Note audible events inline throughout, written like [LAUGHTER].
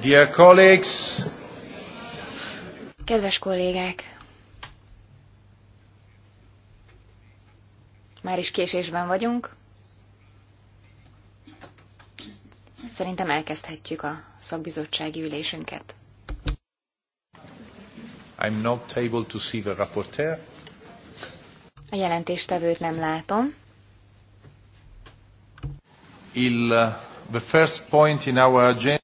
Dear colleagues. Kedves kollégák! Már is késésben vagyunk. Szerintem elkezdhetjük a szakbizottsági ülésünket. I'm not able to see the rapporteur. A jelentéstevőt nem látom. Il, uh, the first point in our agenda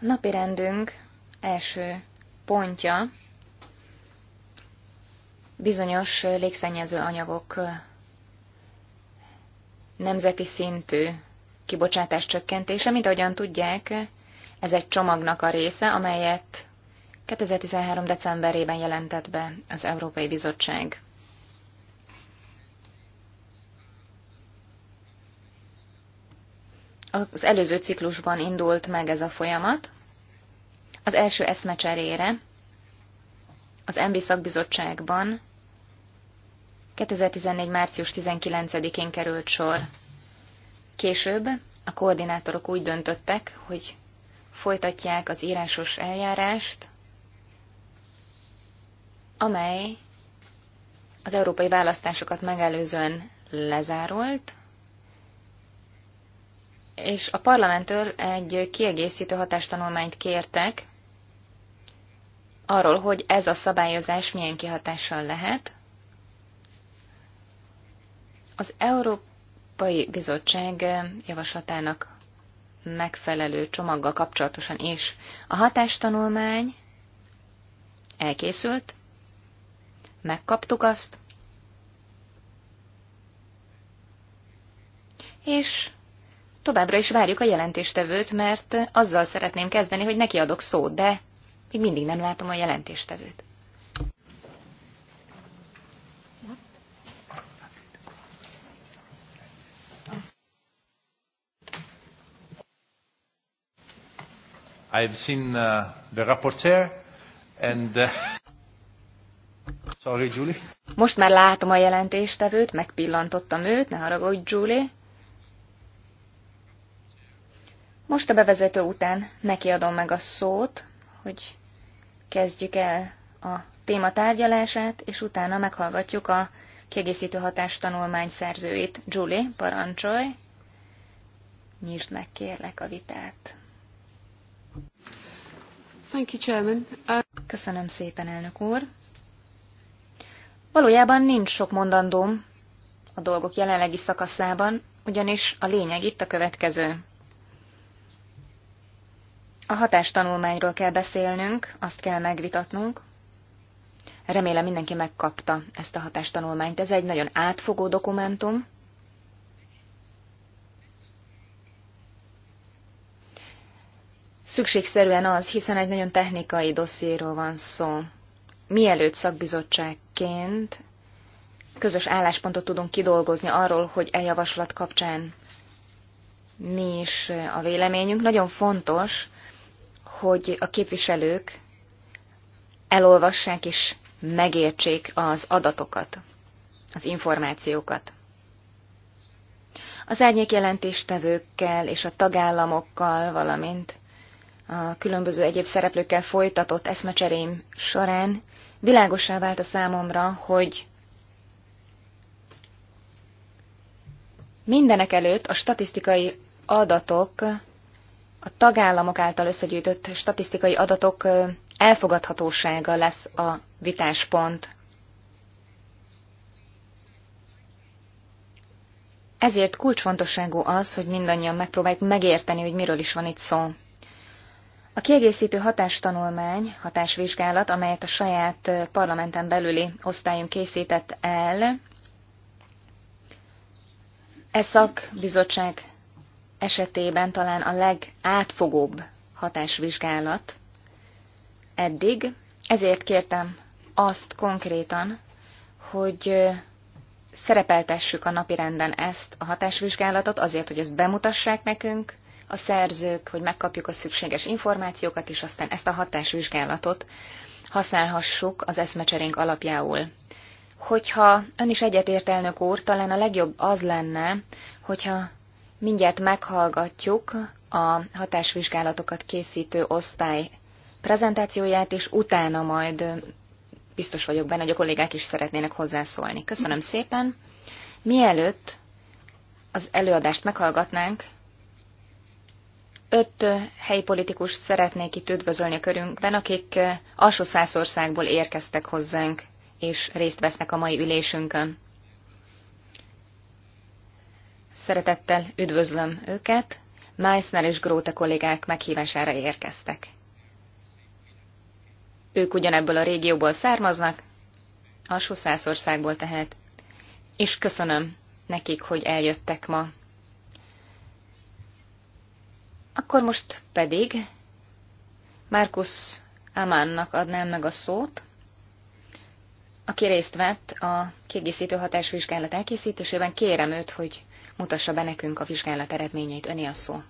a napi rendünk első pontja bizonyos légszennyező anyagok nemzeti szintű kibocsátás csökkentése, mint ahogyan tudják, ez egy csomagnak a része, amelyet 2013. decemberében jelentett be az Európai Bizottság. az előző ciklusban indult meg ez a folyamat. Az első eszmecserére az MB szakbizottságban 2014. március 19-én került sor. Később a koordinátorok úgy döntöttek, hogy folytatják az írásos eljárást, amely az európai választásokat megelőzően lezárult, és a parlamenttől egy kiegészítő hatástanulmányt kértek arról, hogy ez a szabályozás milyen kihatással lehet. Az Európai Bizottság javaslatának megfelelő csomaggal kapcsolatosan is a hatástanulmány elkészült, megkaptuk azt, és Továbbra is várjuk a jelentéstevőt, mert azzal szeretném kezdeni, hogy neki adok szót, de még mindig nem látom a jelentéstevőt. I've seen uh, the rapporteur and uh, [LAUGHS] sorry Julie. Most már látom a jelentéstevőt, megpillantottam őt, ne haragudj Julie. Most a bevezető után neki adom meg a szót, hogy kezdjük el a téma tárgyalását, és utána meghallgatjuk a kiegészítő hatás tanulmány szerzőjét. Julie, parancsolj! Nyisd meg kérlek a vitát. Thank you, Chairman. Uh... Köszönöm szépen, elnök úr. Valójában nincs sok mondandóm a dolgok jelenlegi szakaszában, ugyanis a lényeg itt a következő. A hatástanulmányról kell beszélnünk, azt kell megvitatnunk. Remélem mindenki megkapta ezt a hatástanulmányt. Ez egy nagyon átfogó dokumentum. Szükségszerűen az, hiszen egy nagyon technikai dossziéról van szó. Mielőtt szakbizottságként közös álláspontot tudunk kidolgozni arról, hogy e javaslat kapcsán mi is a véleményünk. Nagyon fontos, hogy a képviselők elolvassák és megértsék az adatokat, az információkat. Az árnyék jelentéstevőkkel és a tagállamokkal, valamint a különböző egyéb szereplőkkel folytatott eszmecserém során világosá vált a számomra, hogy mindenek előtt a statisztikai adatok a tagállamok által összegyűjtött statisztikai adatok elfogadhatósága lesz a vitáspont. Ezért kulcsfontosságú az, hogy mindannyian megpróbáljuk megérteni, hogy miről is van itt szó. A kiegészítő hatástanulmány, hatásvizsgálat, amelyet a saját parlamenten belüli osztályunk készített el, e szakbizottság esetében talán a legátfogóbb hatásvizsgálat eddig. Ezért kértem azt konkrétan, hogy szerepeltessük a napirenden ezt a hatásvizsgálatot, azért, hogy ezt bemutassák nekünk a szerzők, hogy megkapjuk a szükséges információkat, és aztán ezt a hatásvizsgálatot használhassuk az eszmecserénk alapjául. Hogyha ön is egyetért, elnök úr, talán a legjobb az lenne, hogyha Mindjárt meghallgatjuk a hatásvizsgálatokat készítő osztály prezentációját, és utána majd biztos vagyok benne, hogy a kollégák is szeretnének hozzászólni. Köszönöm szépen. Mielőtt az előadást meghallgatnánk, öt helyi politikust szeretnék itt üdvözölni a körünkben, akik alsó százországból érkeztek hozzánk, és részt vesznek a mai ülésünkön. Szeretettel üdvözlöm őket. Meissner és Gróta kollégák meghívására érkeztek. Ők ugyanebből a régióból származnak, a Sosszászországból tehát. És köszönöm nekik, hogy eljöttek ma. Akkor most pedig Markus Amánnak adnám meg a szót, aki részt vett a kiegészítő hatásvizsgálat elkészítésében. Kérem őt, hogy mutassa be nekünk a vizsgálat eredményeit. Öné a szó.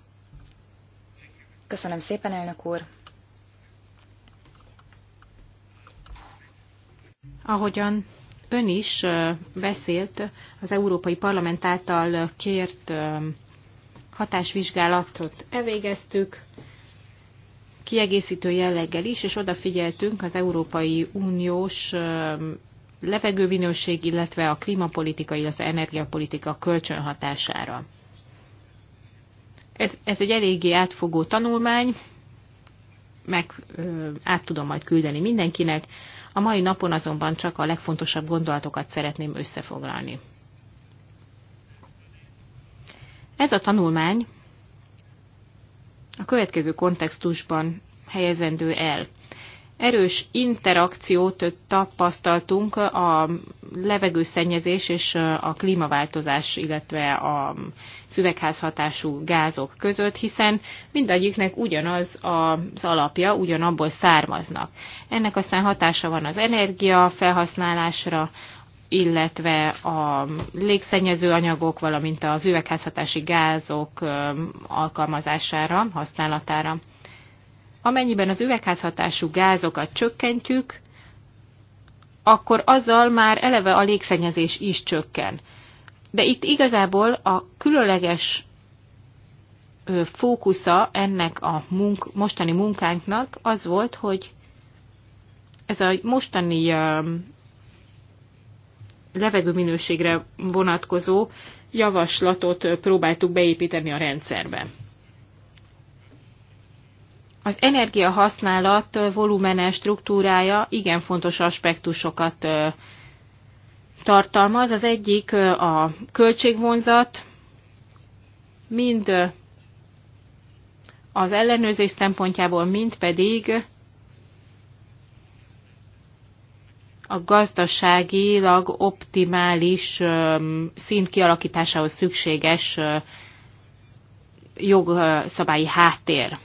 Köszönöm szépen, elnök úr. Ahogyan ön is beszélt az Európai Parlament által kért hatásvizsgálatot elvégeztük, kiegészítő jelleggel is, és odafigyeltünk az Európai Uniós levegőminőség, illetve a klímapolitika, illetve energiapolitika kölcsönhatására. Ez, ez egy eléggé átfogó tanulmány, meg ö, át tudom majd küldeni mindenkinek. A mai napon azonban csak a legfontosabb gondolatokat szeretném összefoglalni. Ez a tanulmány a következő kontextusban helyezendő el erős interakciót tapasztaltunk a levegőszennyezés és a klímaváltozás, illetve a szüvegházhatású gázok között, hiszen mindegyiknek ugyanaz az alapja, ugyanabból származnak. Ennek aztán hatása van az energia felhasználásra, illetve a légszennyező anyagok, valamint az üvegházhatási gázok alkalmazására, használatára amennyiben az üvegházhatású gázokat csökkentjük, akkor azzal már eleve a légszennyezés is csökken. De itt igazából a különleges fókusza ennek a munk, mostani munkánknak az volt, hogy ez a mostani levegőminőségre vonatkozó javaslatot próbáltuk beépíteni a rendszerbe. Az energiahasználat volumene struktúrája igen fontos aspektusokat tartalmaz. Az egyik a költségvonzat, mind az ellenőrzés szempontjából, mind pedig a gazdaságilag optimális szint kialakításához szükséges jogszabályi háttér.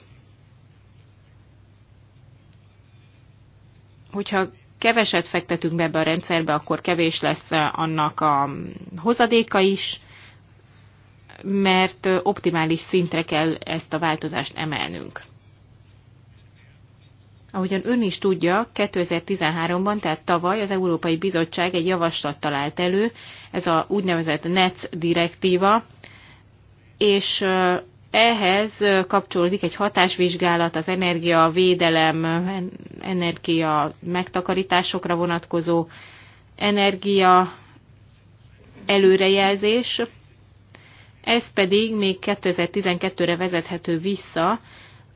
hogyha keveset fektetünk be ebbe a rendszerbe, akkor kevés lesz eh, annak a hozadéka is, mert eh, optimális szintre kell ezt a változást emelnünk. Ahogyan ön is tudja, 2013-ban, tehát tavaly az Európai Bizottság egy javaslat talált elő, ez a úgynevezett NETS direktíva, és eh, ehhez kapcsolódik egy hatásvizsgálat az energiavédelem, energia megtakarításokra vonatkozó energia előrejelzés. Ez pedig még 2012-re vezethető vissza,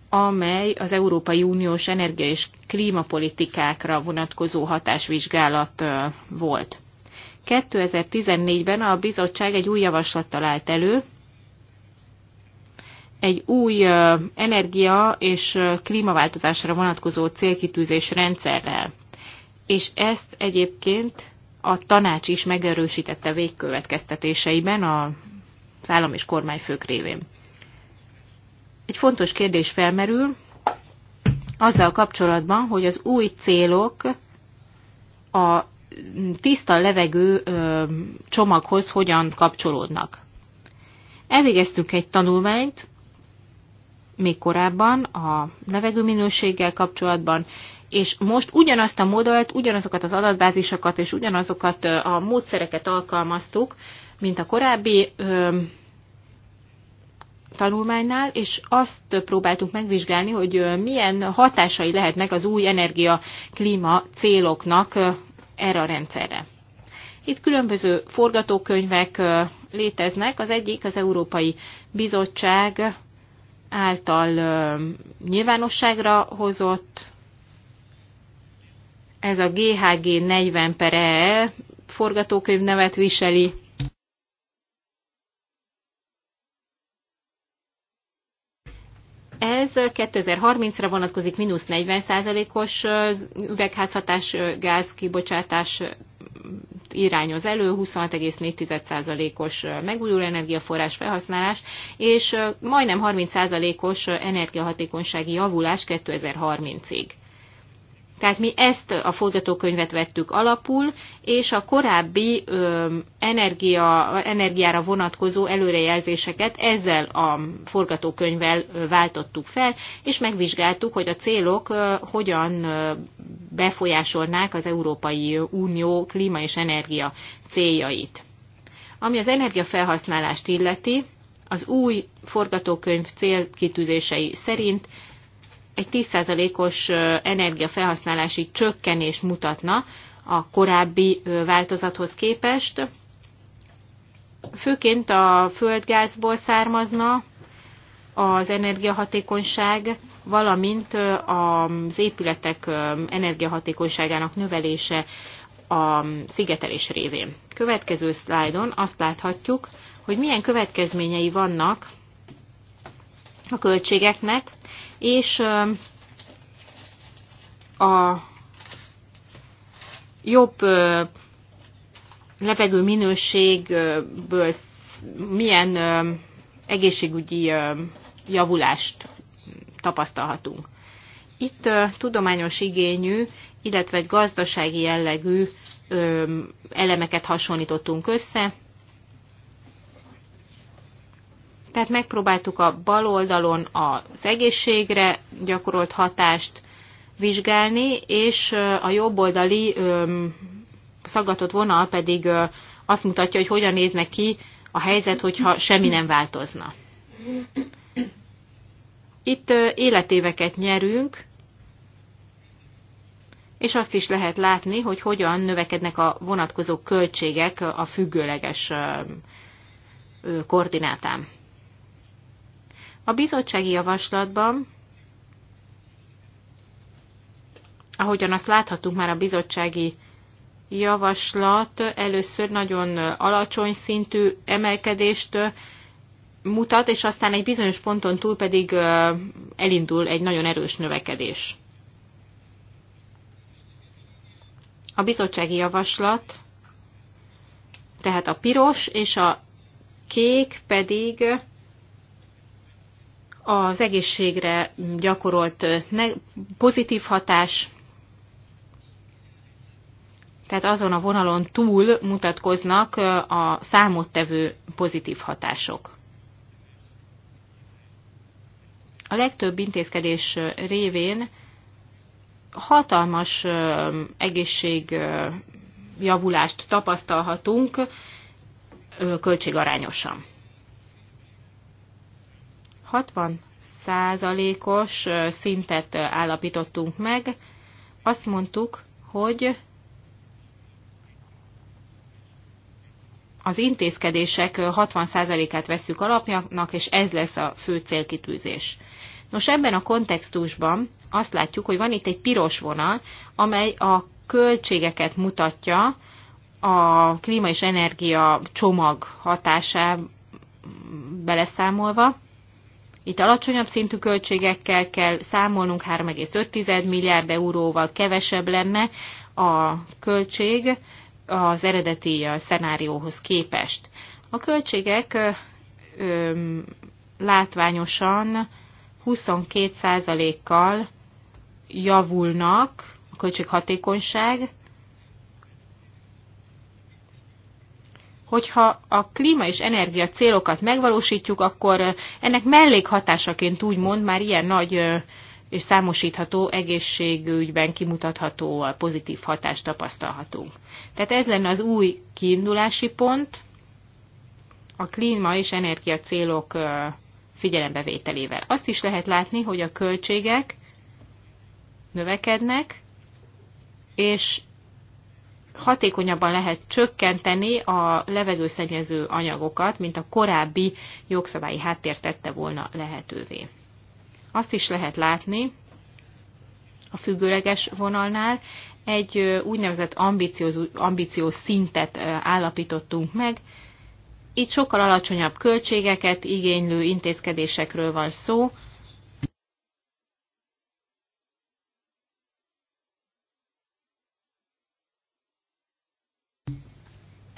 amely az Európai Uniós energia és klímapolitikákra vonatkozó hatásvizsgálat volt. 2014-ben a bizottság egy új javaslattal állt elő, egy új energia és klímaváltozásra vonatkozó célkitűzés rendszerrel. És ezt egyébként a tanács is megerősítette végkövetkeztetéseiben az állam és kormányfők révén. Egy fontos kérdés felmerül azzal kapcsolatban, hogy az új célok a tiszta levegő csomaghoz hogyan kapcsolódnak. Elvégeztünk egy tanulmányt, még korábban a levegőminőséggel kapcsolatban, és most ugyanazt a modellt, ugyanazokat az adatbázisokat és ugyanazokat a módszereket alkalmaztuk, mint a korábbi ö, tanulmánynál, és azt próbáltuk megvizsgálni, hogy milyen hatásai lehetnek az új energia-klíma céloknak erre a rendszerre. Itt különböző forgatókönyvek léteznek. Az egyik az Európai Bizottság által nyilvánosságra hozott. Ez a GHG 40 per EE forgatókönyv nevet viseli. Ez 2030-ra vonatkozik mínusz 40%-os üvegházhatás gáz kibocsátás irányoz elő, 26,4%-os megújuló energiaforrás felhasználás, és majdnem 30%-os energiahatékonysági javulás 2030-ig. Tehát mi ezt a forgatókönyvet vettük alapul, és a korábbi ö, energia, energiára vonatkozó előrejelzéseket ezzel a forgatókönyvvel váltottuk fel, és megvizsgáltuk, hogy a célok ö, hogyan ö, befolyásolnák az Európai Unió klíma és energia céljait. Ami az energiafelhasználást illeti, az új forgatókönyv célkitűzései szerint egy 10%-os energiafelhasználási csökkenés mutatna a korábbi változathoz képest. Főként a földgázból származna az energiahatékonyság, valamint az épületek energiahatékonyságának növelése a szigetelés révén. Következő szlájdon azt láthatjuk, hogy milyen következményei vannak a költségeknek, és a jobb levegő minőségből milyen egészségügyi javulást tapasztalhatunk. Itt tudományos igényű, illetve gazdasági jellegű elemeket hasonlítottunk össze, Tehát megpróbáltuk a bal oldalon az egészségre gyakorolt hatást vizsgálni, és a jobb oldali szaggatott vonal pedig azt mutatja, hogy hogyan nézne ki a helyzet, hogyha semmi nem változna. Itt életéveket nyerünk, és azt is lehet látni, hogy hogyan növekednek a vonatkozó költségek a függőleges koordinátán. A bizottsági javaslatban, ahogyan azt láthatunk már a bizottsági javaslat először nagyon alacsony szintű emelkedést mutat, és aztán egy bizonyos ponton túl pedig elindul egy nagyon erős növekedés. A bizottsági javaslat, tehát a piros és a kék pedig az egészségre gyakorolt pozitív hatás, tehát azon a vonalon túl mutatkoznak a számottevő pozitív hatások. A legtöbb intézkedés révén hatalmas egészségjavulást tapasztalhatunk költségarányosan. 60 százalékos szintet állapítottunk meg. Azt mondtuk, hogy az intézkedések 60%-át vesszük alapjának, és ez lesz a fő célkitűzés. Nos, ebben a kontextusban azt látjuk, hogy van itt egy piros vonal, amely a költségeket mutatja a klíma és energia csomag hatásá beleszámolva. Itt alacsonyabb szintű költségekkel kell számolnunk, 3,5 milliárd euróval kevesebb lenne a költség az eredeti szenárióhoz képest. A költségek ö, látványosan 22%-kal javulnak a költséghatékonyság, hogyha a klíma és energia célokat megvalósítjuk, akkor ennek mellékhatásaként úgymond már ilyen nagy és számosítható egészségügyben kimutatható pozitív hatást tapasztalhatunk. Tehát ez lenne az új kiindulási pont a klíma és energia célok figyelembevételével. Azt is lehet látni, hogy a költségek növekednek, és hatékonyabban lehet csökkenteni a levegőszennyező anyagokat, mint a korábbi jogszabályi háttér tette volna lehetővé. Azt is lehet látni a függőleges vonalnál, egy úgynevezett ambíciós szintet állapítottunk meg. Itt sokkal alacsonyabb költségeket igénylő intézkedésekről van szó,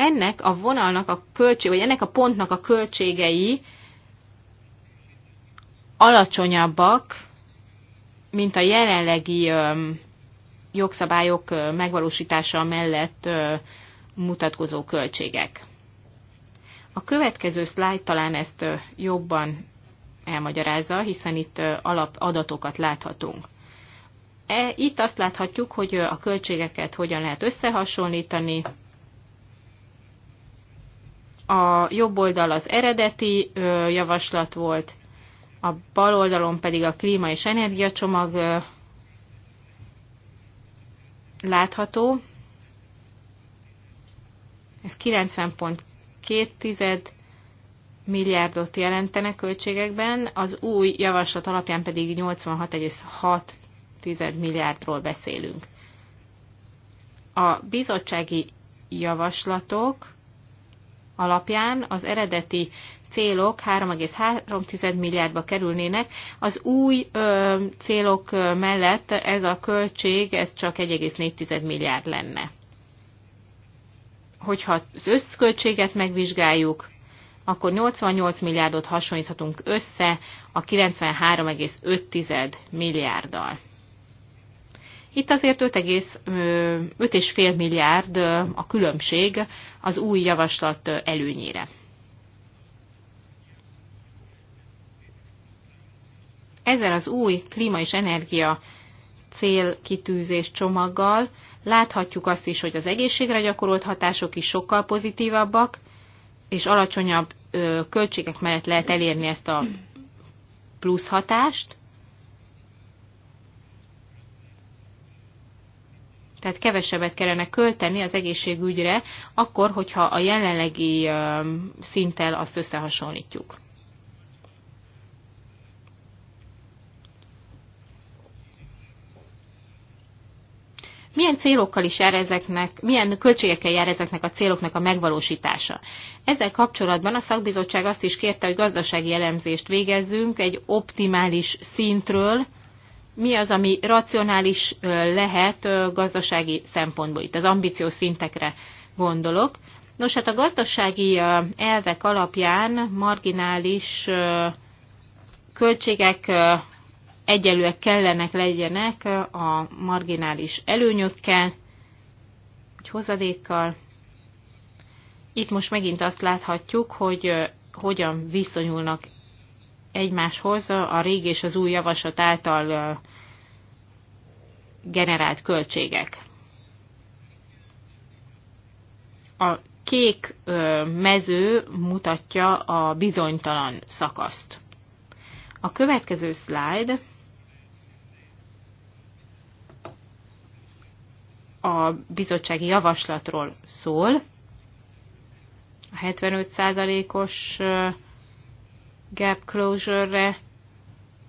ennek a vonalnak a költség, vagy ennek a pontnak a költségei alacsonyabbak, mint a jelenlegi jogszabályok megvalósítása mellett mutatkozó költségek. A következő szlájd talán ezt jobban elmagyarázza, hiszen itt alapadatokat láthatunk. E, itt azt láthatjuk, hogy a költségeket hogyan lehet összehasonlítani, a jobb oldal az eredeti javaslat volt, a bal oldalon pedig a klíma és energiacsomag látható. Ez 90.2 milliárdot jelentene költségekben, az új javaslat alapján pedig 86,6 milliárdról beszélünk. A bizottsági javaslatok alapján az eredeti célok 3,3 milliárdba kerülnének. Az új ö, célok mellett ez a költség, ez csak 1,4 milliárd lenne. Hogyha az összköltséget megvizsgáljuk, akkor 88 milliárdot hasonlíthatunk össze a 93,5 milliárddal. Itt azért 5,5 milliárd a különbség az új javaslat előnyére. Ezzel az új klíma és energia célkitűzés csomaggal láthatjuk azt is, hogy az egészségre gyakorolt hatások is sokkal pozitívabbak, és alacsonyabb költségek mellett lehet elérni ezt a plusz hatást, tehát kevesebbet kellene költeni az egészségügyre, akkor, hogyha a jelenlegi szinttel azt összehasonlítjuk. Milyen célokkal is jár ezeknek, milyen költségekkel jár ezeknek a céloknak a megvalósítása? Ezzel kapcsolatban a szakbizottság azt is kérte, hogy gazdasági elemzést végezzünk egy optimális szintről, mi az, ami racionális lehet gazdasági szempontból. Itt az ambíció szintekre gondolok. Nos, hát a gazdasági elvek alapján marginális költségek egyelőek kellenek legyenek a marginális előnyökkel, egy hozadékkal. Itt most megint azt láthatjuk, hogy hogyan viszonyulnak egymáshoz a régi és az új javaslat által generált költségek. A kék mező mutatja a bizonytalan szakaszt. A következő slide a bizottsági javaslatról szól. A 75%-os gap closure-re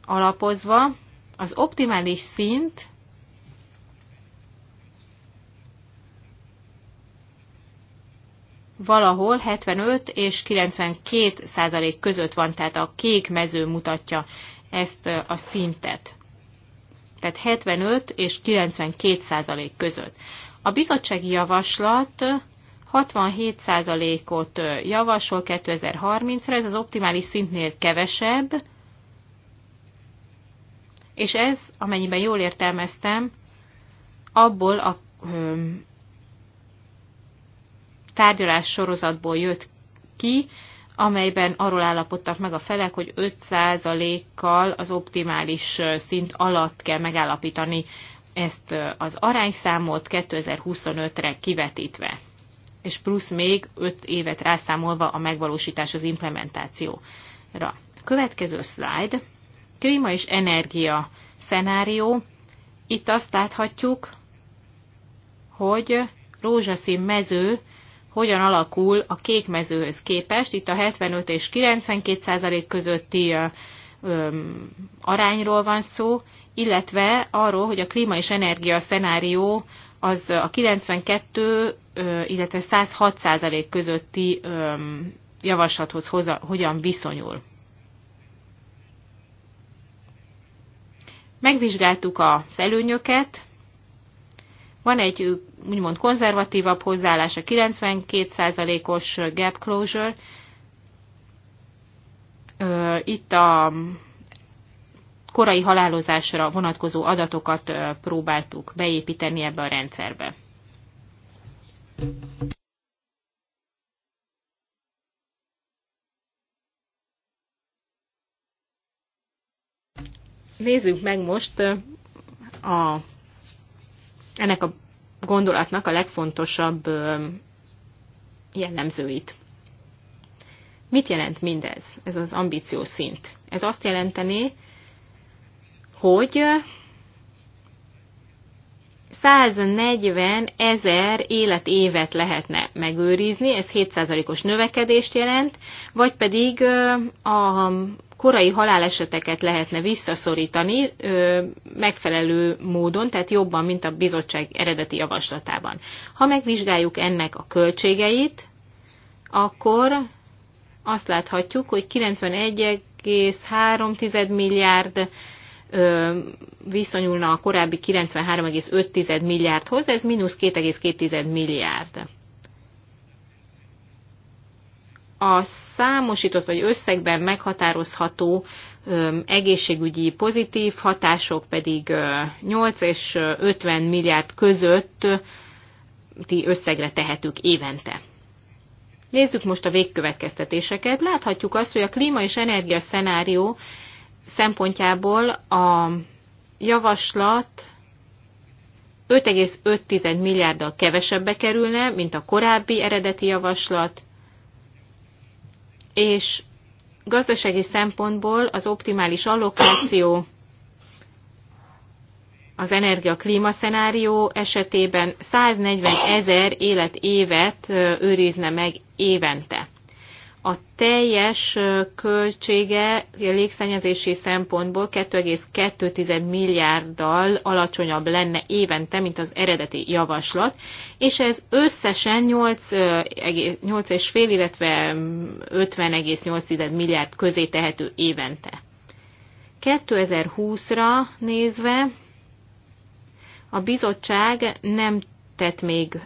alapozva az optimális szint valahol 75 és 92 százalék között van, tehát a kék mező mutatja ezt a szintet. Tehát 75 és 92 százalék között. A bizottsági javaslat 67 százalékot javasol 2030-ra, ez az optimális szintnél kevesebb, és ez, amennyiben jól értelmeztem, abból a tárgyalás sorozatból jött ki, amelyben arról állapodtak meg a felek, hogy 5%-kal az optimális szint alatt kell megállapítani ezt az arányszámot 2025-re kivetítve, és plusz még 5 évet rászámolva a megvalósítás az implementációra. Következő szlájd, klíma és energia szenárió. Itt azt láthatjuk, hogy rózsaszín mező hogyan alakul a kék mezőhöz képest. Itt a 75 és 92 százalék közötti arányról van szó, illetve arról, hogy a klíma és energia szenárió az a 92, illetve 106 százalék közötti javaslathoz hoza, hogyan viszonyul. Megvizsgáltuk az előnyöket, van egy úgymond konzervatívabb hozzáállás, a 92%-os gap closure. Itt a korai halálozásra vonatkozó adatokat próbáltuk beépíteni ebbe a rendszerbe. Nézzük meg most a ennek a gondolatnak a legfontosabb jellemzőit. Mit jelent mindez, ez az ambíció szint? Ez azt jelenteni, hogy 140 ezer életévet lehetne megőrizni, ez 7%-os növekedést jelent, vagy pedig a korai haláleseteket lehetne visszaszorítani megfelelő módon, tehát jobban, mint a bizottság eredeti javaslatában. Ha megvizsgáljuk ennek a költségeit, akkor azt láthatjuk, hogy 91,3 milliárd viszonyulna a korábbi 93,5 milliárdhoz, ez mínusz 2,2 milliárd a számosított vagy összegben meghatározható egészségügyi pozitív hatások pedig 8 és 50 milliárd közötti összegre tehetők évente. Nézzük most a végkövetkeztetéseket. Láthatjuk azt, hogy a klíma és energia szenárió szempontjából a javaslat 5,5 milliárddal kevesebbe kerülne, mint a korábbi eredeti javaslat, és gazdasági szempontból az optimális allokáció az energia-klíma szenárió esetében 140 ezer életévet őrizne meg évente a teljes költsége légszennyezési szempontból 2,2 milliárddal alacsonyabb lenne évente, mint az eredeti javaslat, és ez összesen 8,5 illetve 50,8 milliárd közé tehető évente. 2020-ra nézve a bizottság nem tett még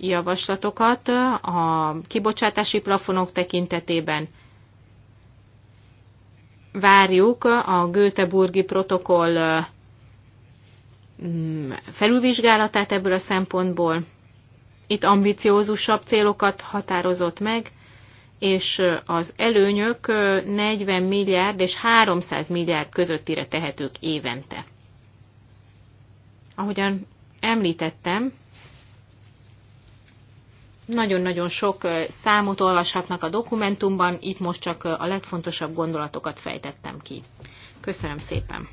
javaslatokat a kibocsátási plafonok tekintetében. Várjuk a Göteborgi protokoll mm, felülvizsgálatát ebből a szempontból. Itt ambiciózusabb célokat határozott meg, és az előnyök 40 milliárd és 300 milliárd közöttire tehetők évente. Ahogyan említettem, nagyon-nagyon sok számot olvashatnak a dokumentumban, itt most csak a legfontosabb gondolatokat fejtettem ki. Köszönöm szépen!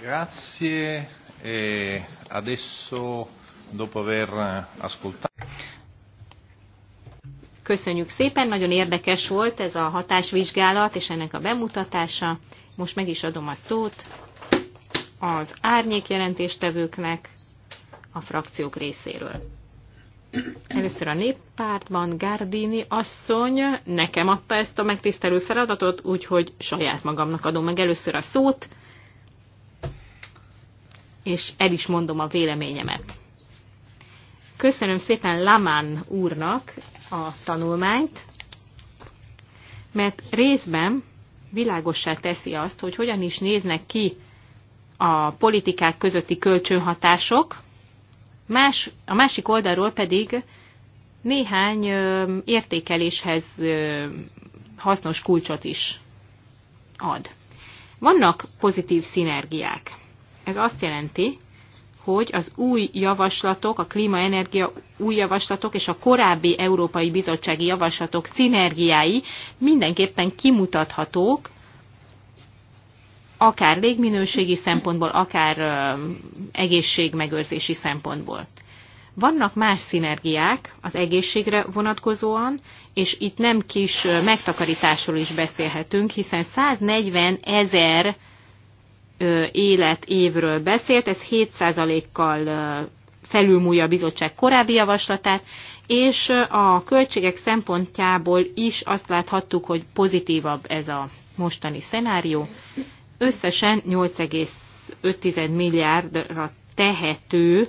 Grazie. E adesso, dopo aver ascoltato... Köszönjük szépen, nagyon érdekes volt ez a hatásvizsgálat és ennek a bemutatása. Most meg is adom a szót az árnyék jelentéstevőknek a frakciók részéről. Először a néppártban Gardini asszony nekem adta ezt a megtisztelő feladatot, úgyhogy saját magamnak adom meg először a szót, és el is mondom a véleményemet. Köszönöm szépen Lamán úrnak a tanulmányt, mert részben világossá teszi azt, hogy hogyan is néznek ki a politikák közötti kölcsönhatások, Más, a másik oldalról pedig néhány értékeléshez hasznos kulcsot is ad. Vannak pozitív szinergiák. Ez azt jelenti, hogy az új javaslatok, a klímaenergia új javaslatok és a korábbi Európai Bizottsági javaslatok szinergiái mindenképpen kimutathatók, akár légminőségi szempontból, akár egészségmegőrzési szempontból. Vannak más szinergiák az egészségre vonatkozóan, és itt nem kis megtakarításról is beszélhetünk, hiszen 140 ezer életévről beszélt, ez 7%-kal felülmúlja a bizottság korábbi javaslatát, és a költségek szempontjából is azt láthattuk, hogy pozitívabb ez a mostani szenárió, összesen 8,5 milliárdra tehető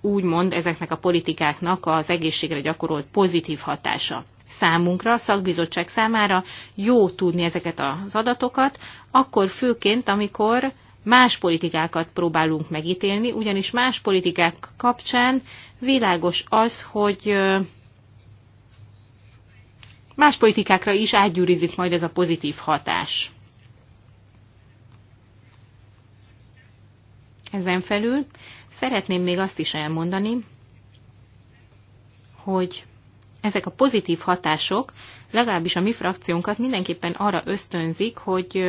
úgymond ezeknek a politikáknak az egészségre gyakorolt pozitív hatása. Számunkra, a szakbizottság számára jó tudni ezeket az adatokat, akkor főként, amikor más politikákat próbálunk megítélni, ugyanis más politikák kapcsán világos az, hogy más politikákra is átgyűrizik majd ez a pozitív hatás. Ezen felül szeretném még azt is elmondani, hogy ezek a pozitív hatások legalábbis a mi frakciónkat mindenképpen arra ösztönzik, hogy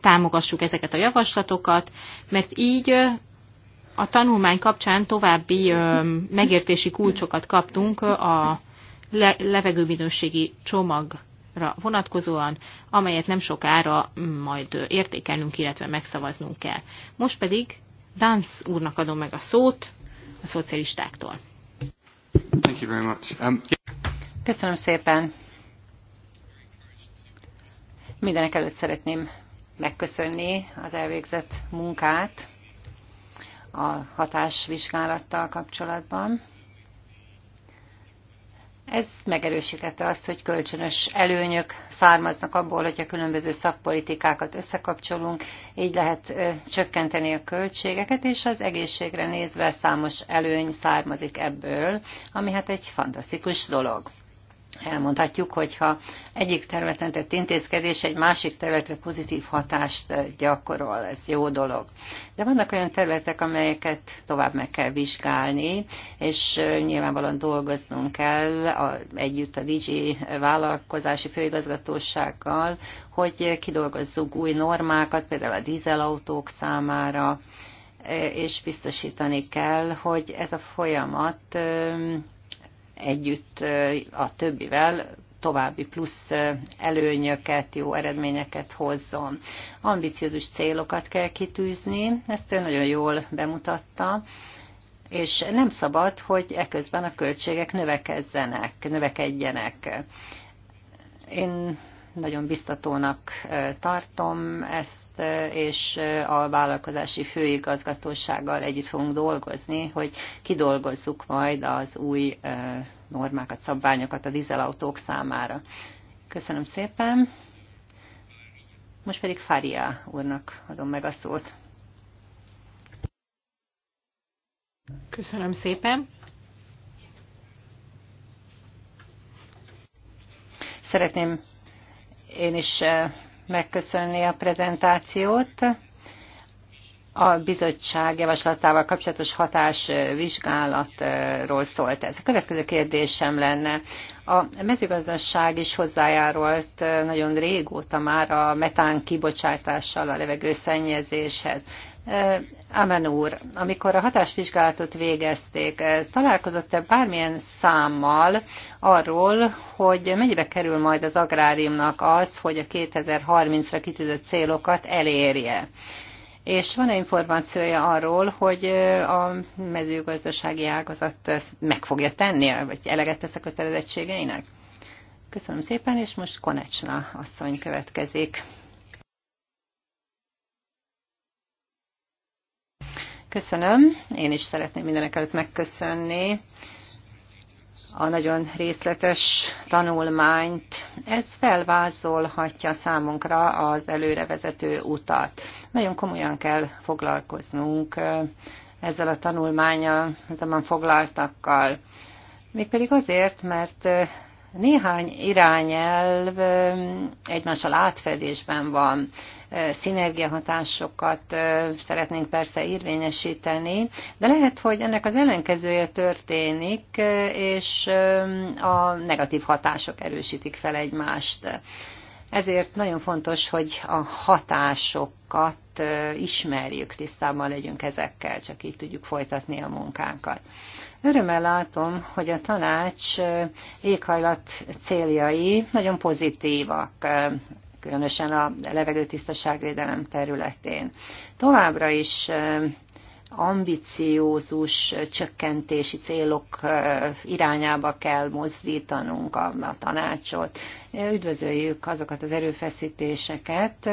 támogassuk ezeket a javaslatokat, mert így a tanulmány kapcsán további megértési kulcsokat kaptunk a le, levegőminőségi csomagra vonatkozóan, amelyet nem sokára majd értékelnünk, illetve megszavaznunk kell. Most pedig Dánc úrnak adom meg a szót a szocialistáktól. Thank you very much. Um, Köszönöm szépen. Mindenek előtt szeretném megköszönni az elvégzett munkát a hatásvizsgálattal kapcsolatban. Ez megerősítette azt, hogy kölcsönös előnyök származnak abból, hogy a különböző szakpolitikákat összekapcsolunk, így lehet csökkenteni a költségeket, és az egészségre nézve számos előny származik ebből, ami hát egy fantasztikus dolog elmondhatjuk, hogyha egyik területen tett intézkedés egy másik területre pozitív hatást gyakorol, ez jó dolog. De vannak olyan területek, amelyeket tovább meg kell vizsgálni, és nyilvánvalóan dolgoznunk kell a, együtt a DG vállalkozási főigazgatósággal, hogy kidolgozzuk új normákat, például a dízelautók számára, és biztosítani kell, hogy ez a folyamat együtt a többivel további plusz előnyöket, jó eredményeket hozzon. Ambiciózus célokat kell kitűzni, ezt ő nagyon jól bemutatta, és nem szabad, hogy eközben a költségek növekezzenek, növekedjenek. Én nagyon biztatónak tartom ezt, és a vállalkozási főigazgatósággal együtt fogunk dolgozni, hogy kidolgozzuk majd az új normákat, szabványokat a dízelautók számára. Köszönöm szépen. Most pedig Fária úrnak adom meg a szót. Köszönöm szépen. Szeretném én is eh, megköszönni a prezentációt. A bizottság javaslatával kapcsolatos hatásvizsgálatról eh, szólt ez. A következő kérdésem lenne. A mezőgazdaság is hozzájárult eh, nagyon régóta már a metán kibocsátással a levegőszennyezéshez. Amen úr, amikor a hatásvizsgálatot végezték, találkozott-e bármilyen számmal arról, hogy mennyibe kerül majd az agráriumnak az, hogy a 2030-ra kitűzött célokat elérje? És van-e információja arról, hogy a mezőgazdasági ágazat meg fogja tenni, vagy eleget tesz a kötelezettségeinek? Köszönöm szépen, és most Konecsna asszony következik. Köszönöm. Én is szeretném mindenek előtt megköszönni a nagyon részletes tanulmányt. Ez felvázolhatja számunkra az előrevezető utat. Nagyon komolyan kell foglalkoznunk ezzel a tanulmányal, ezzel a foglaltakkal. Mégpedig azért, mert néhány irányelv egymással átfedésben van, szinergiahatásokat szeretnénk persze érvényesíteni, de lehet, hogy ennek az ellenkezője történik, és a negatív hatások erősítik fel egymást. Ezért nagyon fontos, hogy a hatásokat ismerjük, tisztában legyünk ezekkel, csak így tudjuk folytatni a munkánkat. Örömmel látom, hogy a tanács éghajlat céljai nagyon pozitívak, különösen a levegőtisztaságvédelem területén. Továbbra is ambiciózus csökkentési célok irányába kell mozdítanunk a, a tanácsot. Üdvözöljük azokat az erőfeszítéseket,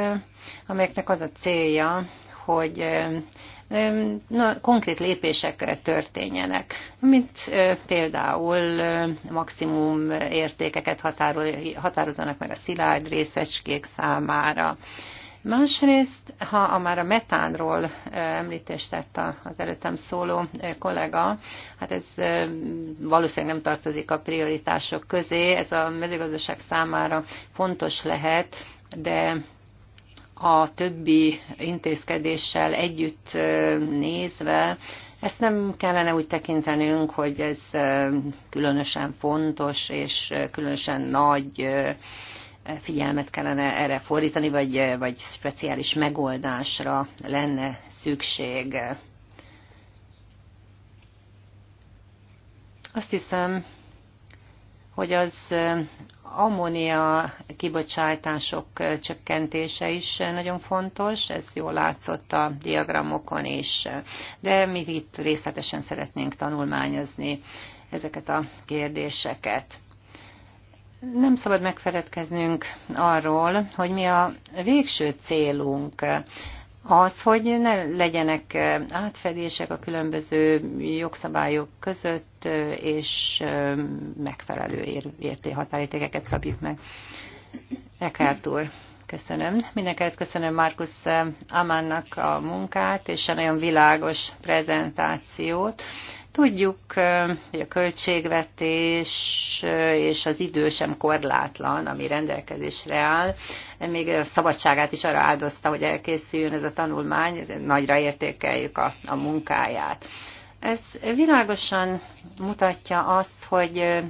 amelyeknek az a célja, hogy na, konkrét lépések történjenek, mint például maximum értékeket határol, határozzanak meg a szilárd részecskék számára. Másrészt, ha a már a metánról említést tett az előttem szóló kollega, hát ez valószínűleg nem tartozik a prioritások közé, ez a mezőgazdaság számára fontos lehet, de a többi intézkedéssel együtt nézve, ezt nem kellene úgy tekintenünk, hogy ez különösen fontos és különösen nagy figyelmet kellene erre fordítani, vagy, vagy speciális megoldásra lenne szükség. Azt hiszem, hogy az ammónia kibocsátások csökkentése is nagyon fontos, ez jól látszott a diagramokon is, de mi itt részletesen szeretnénk tanulmányozni ezeket a kérdéseket. Nem szabad megfeledkeznünk arról, hogy mi a végső célunk, az, hogy ne legyenek átfedések a különböző jogszabályok között, és megfelelő érté szabjuk meg. Eckhart úr, köszönöm. Mindenkelet köszönöm Markus Amánnak a munkát, és a nagyon világos prezentációt. Tudjuk, hogy a költségvetés és az idő sem korlátlan, ami rendelkezésre áll. Még a szabadságát is arra áldozta, hogy elkészüljön ez a tanulmány, ez nagyra értékeljük a, a munkáját. Ez világosan mutatja azt, hogy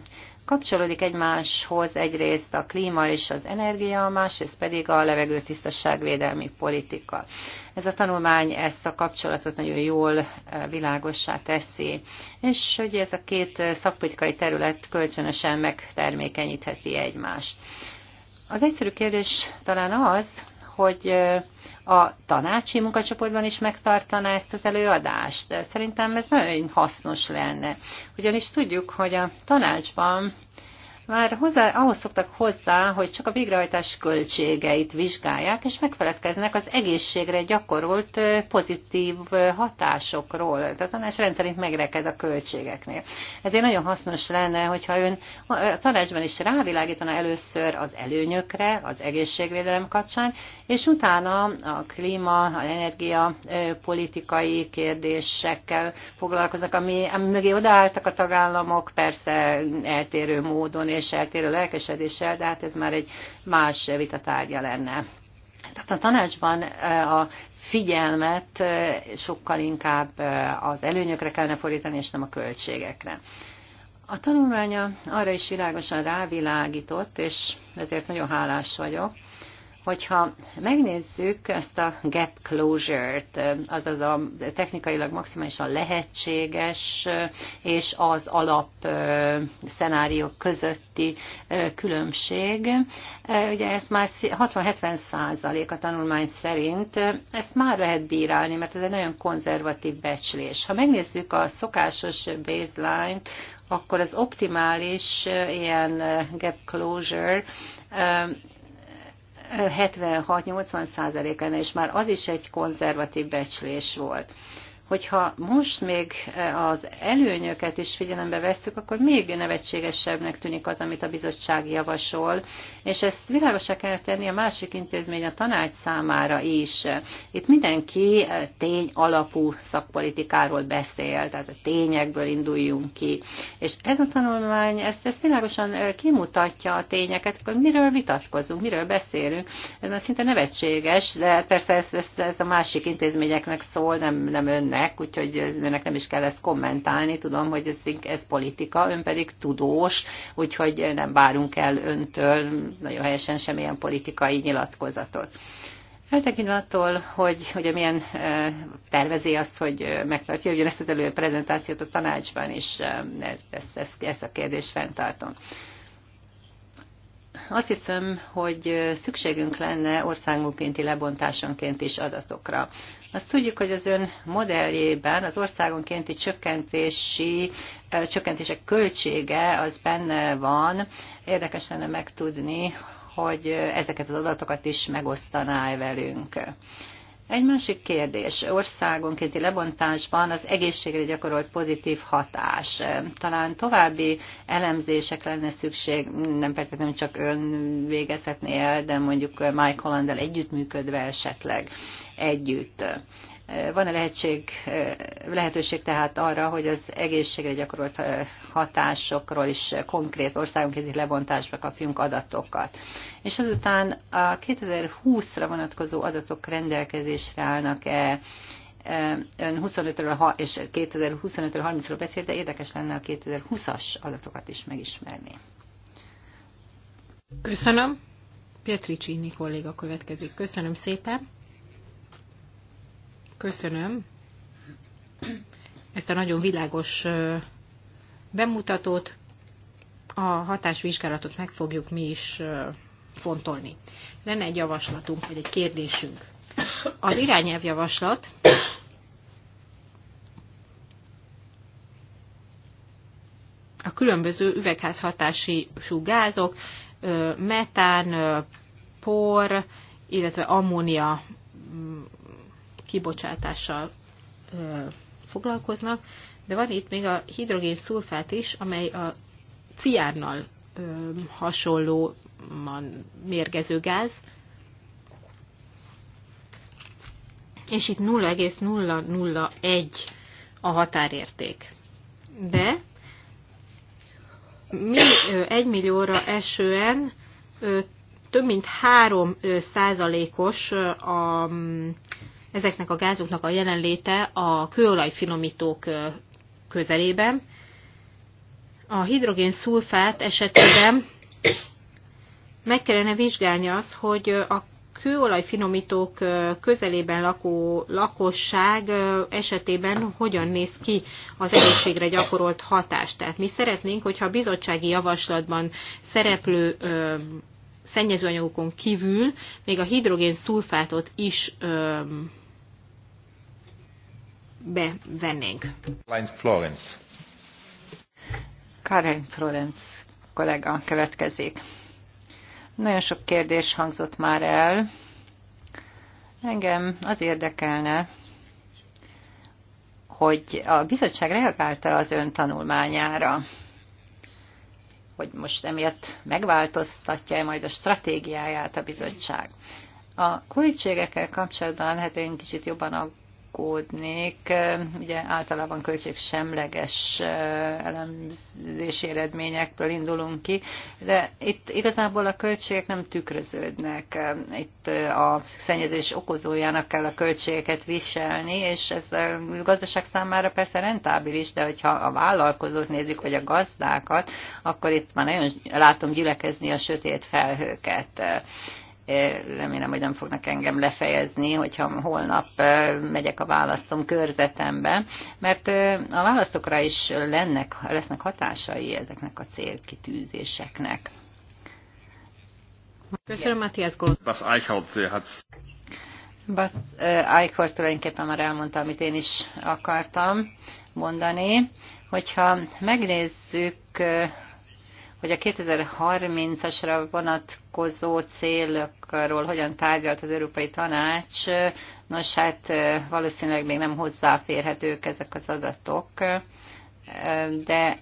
kapcsolódik egymáshoz egyrészt a klíma és az energia, másrészt pedig a levegő tisztaságvédelmi politika. Ez a tanulmány ezt a kapcsolatot nagyon jól eh, világossá teszi, és hogy ez a két eh, szakpolitikai terület kölcsönösen megtermékenyítheti egymást. Az egyszerű kérdés talán az, hogy a tanácsi munkacsoportban is megtartaná ezt az előadást. Szerintem ez nagyon hasznos lenne. Ugyanis tudjuk, hogy a tanácsban már hozzá, ahhoz szoktak hozzá, hogy csak a végrehajtás költségeit vizsgálják, és megfeledkeznek az egészségre gyakorolt pozitív hatásokról. Tehát a tanács rendszerint megreked a költségeknél. Ezért nagyon hasznos lenne, hogyha ön a tanácsban is rávilágítana először az előnyökre, az egészségvédelem kapcsán, és utána a klíma, a energia politikai kérdésekkel foglalkoznak, ami, ami mögé odaálltak a tagállamok, persze eltérő módon és eltérő lelkesedéssel, de hát ez már egy más tárgya lenne. Tehát a tanácsban eh, a figyelmet eh, sokkal inkább eh, az előnyökre kellene fordítani, és nem a költségekre. A tanulmánya arra is világosan rávilágított, és ezért nagyon hálás vagyok, Hogyha megnézzük ezt a gap closure-t, azaz a technikailag maximálisan lehetséges és az alap szenáriók közötti különbség, ugye ez már 60-70 százalék a tanulmány szerint, ezt már lehet bírálni, mert ez egy nagyon konzervatív becslés. Ha megnézzük a szokásos baseline-t, akkor az optimális ilyen gap closure 76-80 százalékán, és már az is egy konzervatív becslés volt. Hogyha most még e, az előnyöket is figyelembe vesszük, akkor még nevetségesebbnek tűnik az, amit a bizottság javasol, és ezt világosá kell tenni a másik intézmény a tanács számára is. Itt mindenki e, tény alapú szakpolitikáról beszél, tehát a tényekből induljunk ki. És ez a tanulmány ezt, ezt világosan e, kimutatja a tényeket, akkor miről vitatkozunk, miről beszélünk. Ez már szinte nevetséges, de persze ez, ez, ez a másik intézményeknek szól, nem, nem önnek remek, úgyhogy önnek nem is kell ezt kommentálni, tudom, hogy ez, ez politika, ön pedig tudós, úgyhogy nem várunk el öntől nagyon helyesen semmilyen politikai nyilatkozatot. Eltekintve attól, hogy hogy milyen e, tervezi azt, hogy megtartja ugyanezt az előző prezentációt a tanácsban is, e, ezt, ezt, ezt a kérdést fenntartom azt hiszem, hogy szükségünk lenne országunkénti lebontásonként is adatokra. Azt tudjuk, hogy az ön modelljében az országonkénti csökkentési, csökkentések költsége az benne van. Érdekes lenne megtudni, hogy ezeket az adatokat is megosztaná velünk. Egy másik kérdés, országonkénti lebontásban az egészségre gyakorolt pozitív hatás. Talán további elemzések lenne szükség, nem feltétlenül csak ön végezhetné el, de mondjuk Mike Hollandel együttműködve esetleg együtt. Van-e lehetség, lehetőség tehát arra, hogy az egészségre gyakorolt hatásokról is konkrét országonkénti lebontásba kapjunk adatokat? És azután a 2020-ra vonatkozó adatok rendelkezésre állnak-e? Ön 25-ről és 2025-ről 30-ról beszélt, de érdekes lenne a 2020-as adatokat is megismerni. Köszönöm. Pietricsini kolléga következik. Köszönöm szépen. Köszönöm ezt a nagyon világos bemutatót. A hatásvizsgálatot meg fogjuk mi is fontolni. Lenne egy javaslatunk, vagy egy kérdésünk. Az irányelvjavaslat a különböző üvegházhatású gázok, metán, por, illetve ammónia kibocsátással ö, foglalkoznak, de van itt még a hidrogén szulfát is, amely a ciárnal ö, hasonló man, mérgező gáz, és itt 0,001 a határérték. De mi, egy millióra esően több mint 3 százalékos a ezeknek a gázoknak a jelenléte a kőolajfinomítók közelében. A hidrogén szulfát esetében meg kellene vizsgálni azt, hogy a kőolajfinomítók közelében lakó lakosság esetében hogyan néz ki az egészségre gyakorolt hatás. Tehát mi szeretnénk, hogyha a bizottsági javaslatban szereplő szennyezőanyagokon kívül még a hidrogén szulfátot is bevennénk. Florence. Karen Florence kollega következik. Nagyon sok kérdés hangzott már el. Engem az érdekelne, hogy a bizottság reagálta az ön tanulmányára, hogy most emiatt megváltoztatja majd a stratégiáját a bizottság. A költségekkel kapcsolatban hát én kicsit jobban aggódnék. Ugye általában költségsemleges elemzési eredményekből indulunk ki, de itt igazából a költségek nem tükröződnek. Itt a szennyezés okozójának kell a költségeket viselni, és ez a gazdaság számára persze rentábilis, de hogyha a vállalkozót nézzük, vagy a gazdákat, akkor itt már nagyon látom gyülekezni a sötét felhőket remélem, hogy nem fognak engem lefejezni, hogyha holnap megyek a választom körzetembe, mert a választokra is lennek, lesznek hatásai ezeknek a célkitűzéseknek. Köszönöm, Matthias Gold. Bas Eichhorn tulajdonképpen már elmondta, amit én is akartam mondani. Hogyha megnézzük hogy a 2030-asra vonatkozó célokról hogyan tárgyalt az Európai Tanács, nos hát valószínűleg még nem hozzáférhetők ezek az adatok, de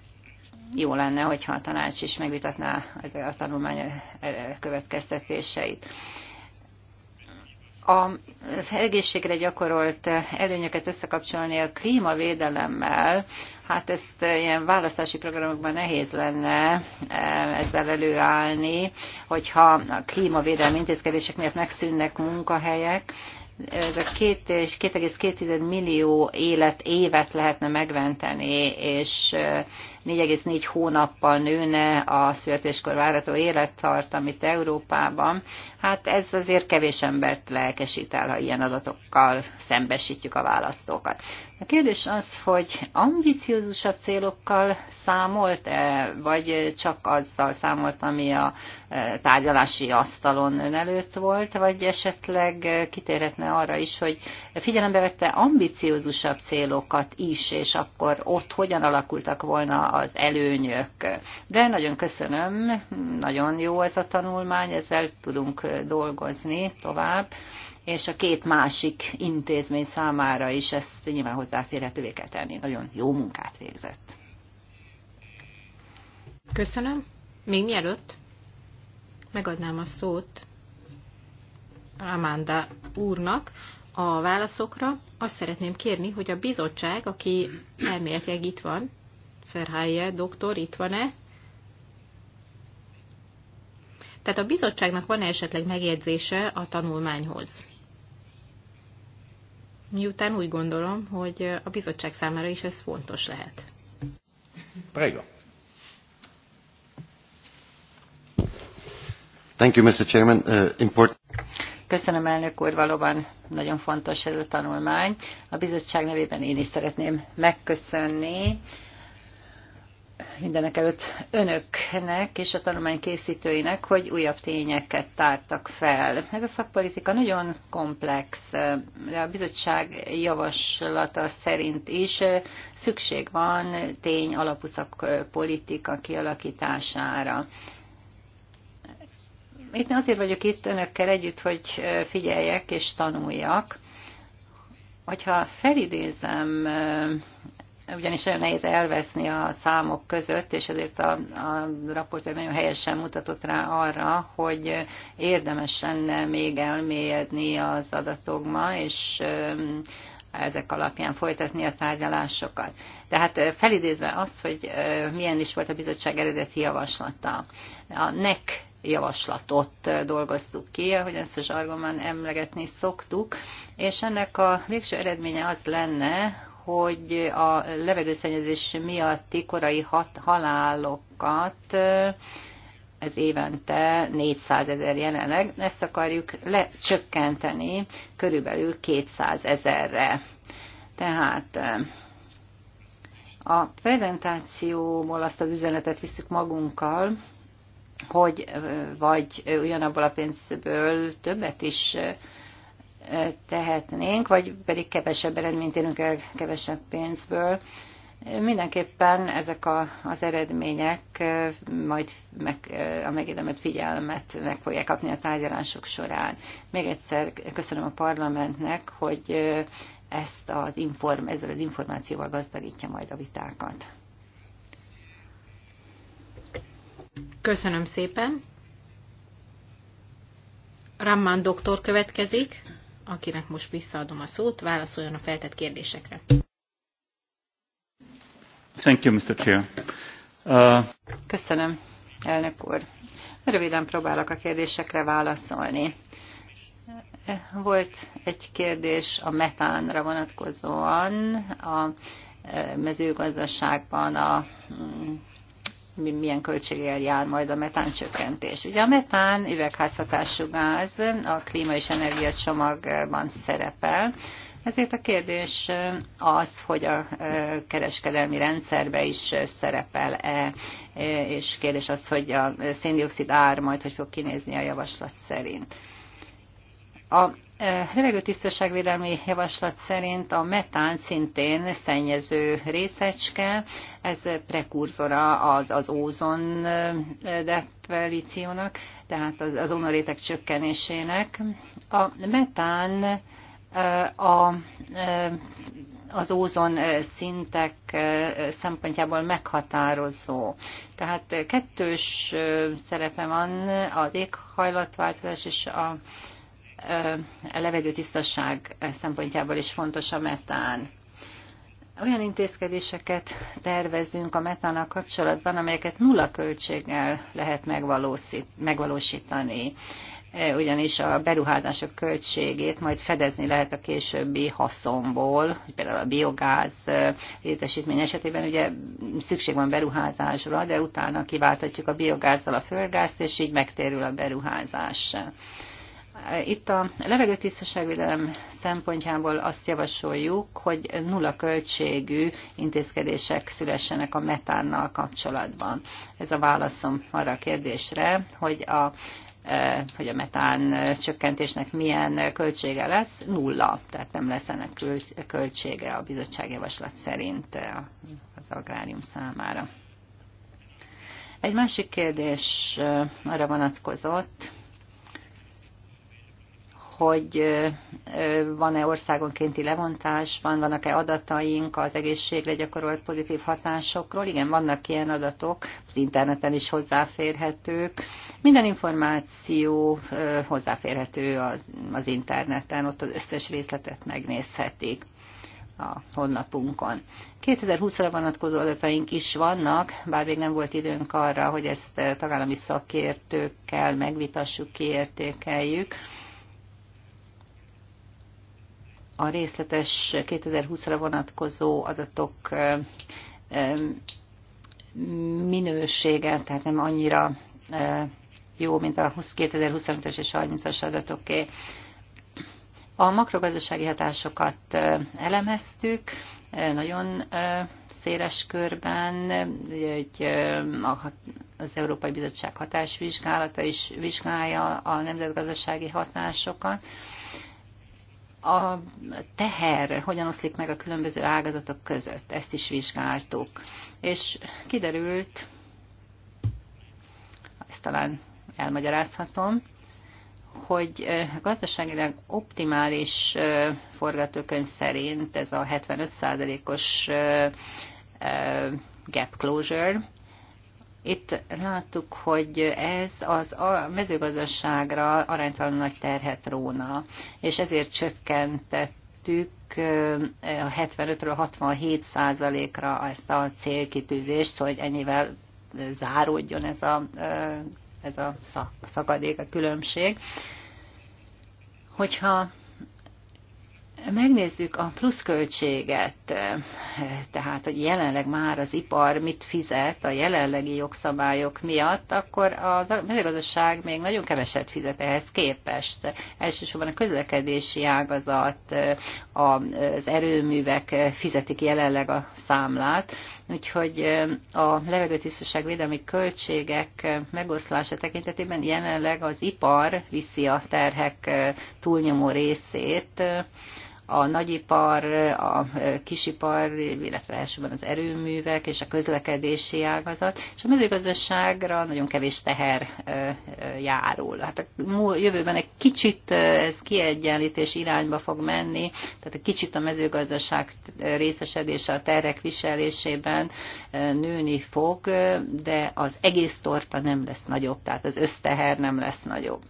jó lenne, hogyha a tanács is megvitatná a tanulmány következtetéseit az egészségre gyakorolt előnyöket összekapcsolni a klímavédelemmel, hát ezt ilyen választási programokban nehéz lenne e, ezzel előállni, hogyha a klímavédelmi intézkedések miatt megszűnnek munkahelyek, ez a két és 2,2 millió élet évet lehetne megmenteni, és 4,4 hónappal nőne a születéskor várató élettart, amit Európában. Hát ez azért kevés embert lelkesít el, ha ilyen adatokkal szembesítjük a választókat. A kérdés az, hogy ambiciózusabb célokkal számolt-e, vagy csak azzal számolt, ami a e, tárgyalási asztalon ön előtt volt, vagy esetleg kitérhetne arra is, hogy figyelembe vette ambiciózusabb célokat is, és akkor ott hogyan alakultak volna az előnyök. De nagyon köszönöm, nagyon jó ez a tanulmány, ezzel tudunk dolgozni tovább és a két másik intézmény számára is ezt nyilván hozzáférhetővé kell tenni. Nagyon jó munkát végzett. Köszönöm. Még mielőtt megadnám a szót Amanda úrnak a válaszokra, azt szeretném kérni, hogy a bizottság, aki elméletileg itt van, Ferháje doktor, itt van-e? Tehát a bizottságnak van-e esetleg megjegyzése a tanulmányhoz? miután úgy gondolom, hogy a bizottság számára is ez fontos lehet. Prego. Thank you, Mr. Chairman. Uh, important... Köszönöm, elnök úr, valóban nagyon fontos ez a tanulmány. A bizottság nevében én is szeretném megköszönni mindenek előtt önöknek és a tanulmány készítőinek, hogy újabb tényeket tártak fel. Ez a szakpolitika nagyon komplex, de a bizottság javaslata szerint is szükség van tény alapú szakpolitika kialakítására. Itt azért vagyok itt önökkel együtt, hogy figyeljek és tanuljak hogyha felidézem ugyanis nagyon nehéz elveszni a számok között, és ezért a, a raportőr nagyon helyesen mutatott rá arra, hogy érdemes lenne még elmélyedni az adatokma, és ezek alapján folytatni a tárgyalásokat. Tehát felidézve azt, hogy milyen is volt a bizottság eredeti javaslata. A NEC javaslatot dolgoztuk ki, ahogy ezt a zsargonban emlegetni szoktuk, és ennek a végső eredménye az lenne, hogy a levegőszennyezés miatti korai hat, halálokat ez évente 400 ezer jelenleg, ezt akarjuk lecsökkenteni körülbelül 200 ezerre. Tehát a prezentációból azt az üzenetet visszük magunkkal, hogy vagy ugyanabból a pénzből többet is tehetnénk, vagy pedig kevesebb eredményt érünk el kevesebb pénzből. Mindenképpen ezek a, az eredmények majd meg, a megérdemelt figyelmet meg fogják kapni a tárgyalások során. Még egyszer köszönöm a parlamentnek, hogy ezt az inform, ezzel az információval gazdagítja majd a vitákat. Köszönöm szépen. Ramman doktor következik akinek most visszaadom a szót, válaszoljon a feltett kérdésekre. Thank you, Mr. Chair. Uh... Köszönöm, elnök úr. Röviden próbálok a kérdésekre válaszolni. Volt egy kérdés a metánra vonatkozóan a eh, mezőgazdaságban a mm, milyen költséggel jár majd a metán csökkentés. Ugye a metán üvegházhatású gáz a klíma és energia csomagban szerepel, ezért a kérdés az, hogy a kereskedelmi rendszerbe is szerepel-e, és kérdés az, hogy a széndiokszid ár majd hogy fog kinézni a javaslat szerint. A Eh, levegőtisztaságvédelmi javaslat szerint a metán szintén szennyező részecske, ez prekurzora az, az ózon eh, depelíciónak, tehát az, az onorétek csökkenésének. A metán eh, a, az ózon szintek szempontjából meghatározó. Tehát kettős szerepe van az éghajlatváltozás és a levegőtisztaság szempontjából is fontos a metán. Olyan intézkedéseket tervezünk a metánnal kapcsolatban, amelyeket nulla költséggel lehet megvalósítani ugyanis a beruházások költségét majd fedezni lehet a későbbi haszonból, például a biogáz létesítmény esetében ugye szükség van beruházásra, de utána kiváltatjuk a biogázzal a földgázt, és így megtérül a beruházás. Itt a levegőtisztaságvédelem szempontjából azt javasoljuk, hogy nulla költségű intézkedések szülessenek a metánnal kapcsolatban. Ez a válaszom arra a kérdésre, hogy a e, hogy a metán csökkentésnek milyen költsége lesz, nulla, tehát nem lesz ennek költsége a bizottság javaslat szerint e, az agrárium számára. Egy másik kérdés e, arra vonatkozott, hogy van-e országonkénti levontás, van vannak-e adataink az egészségre gyakorolt pozitív hatásokról. Igen, vannak ilyen adatok, az interneten is hozzáférhetők. Minden információ hozzáférhető az, az interneten, ott az összes részletet megnézhetik a honlapunkon. 2020-ra vonatkozó adataink is vannak, bár még nem volt időnk arra, hogy ezt tagállami szakértőkkel megvitassuk, kiértékeljük a részletes 2020-ra vonatkozó adatok minősége, tehát nem annyira jó, mint a 2025 es és 30-as adatoké. A makrogazdasági hatásokat elemeztük, nagyon széles körben, hogy az Európai Bizottság hatásvizsgálata is vizsgálja a nemzetgazdasági hatásokat, a teher hogyan oszlik meg a különböző ágazatok között, ezt is vizsgáltuk. És kiderült, ezt talán elmagyarázhatom, hogy gazdaságilag optimális forgatókönyv szerint ez a 75%-os gap closure, itt láttuk, hogy ez az a mezőgazdaságra aránytalan nagy terhet róna, és ezért csökkentettük a 75-ről 67 százalékra ezt a célkitűzést, hogy ennyivel záródjon ez a, ez a szakadék, a különbség. Hogyha megnézzük a pluszköltséget, tehát hogy jelenleg már az ipar mit fizet a jelenlegi jogszabályok miatt, akkor a mezőgazdaság még nagyon keveset fizet ehhez képest. Elsősorban a közlekedési ágazat, az erőművek fizetik jelenleg a számlát, Úgyhogy a levegőtisztaság védelmi költségek megoszlása tekintetében jelenleg az ipar viszi a terhek túlnyomó részét, a nagyipar, a kisipar, illetve elsőben az erőművek és a közlekedési ágazat, és a mezőgazdaságra nagyon kevés teher járul. Hát a jövőben egy kicsit ez kiegyenlítés irányba fog menni, tehát egy kicsit a mezőgazdaság részesedése a terek viselésében nőni fog, de az egész torta nem lesz nagyobb, tehát az összteher nem lesz nagyobb.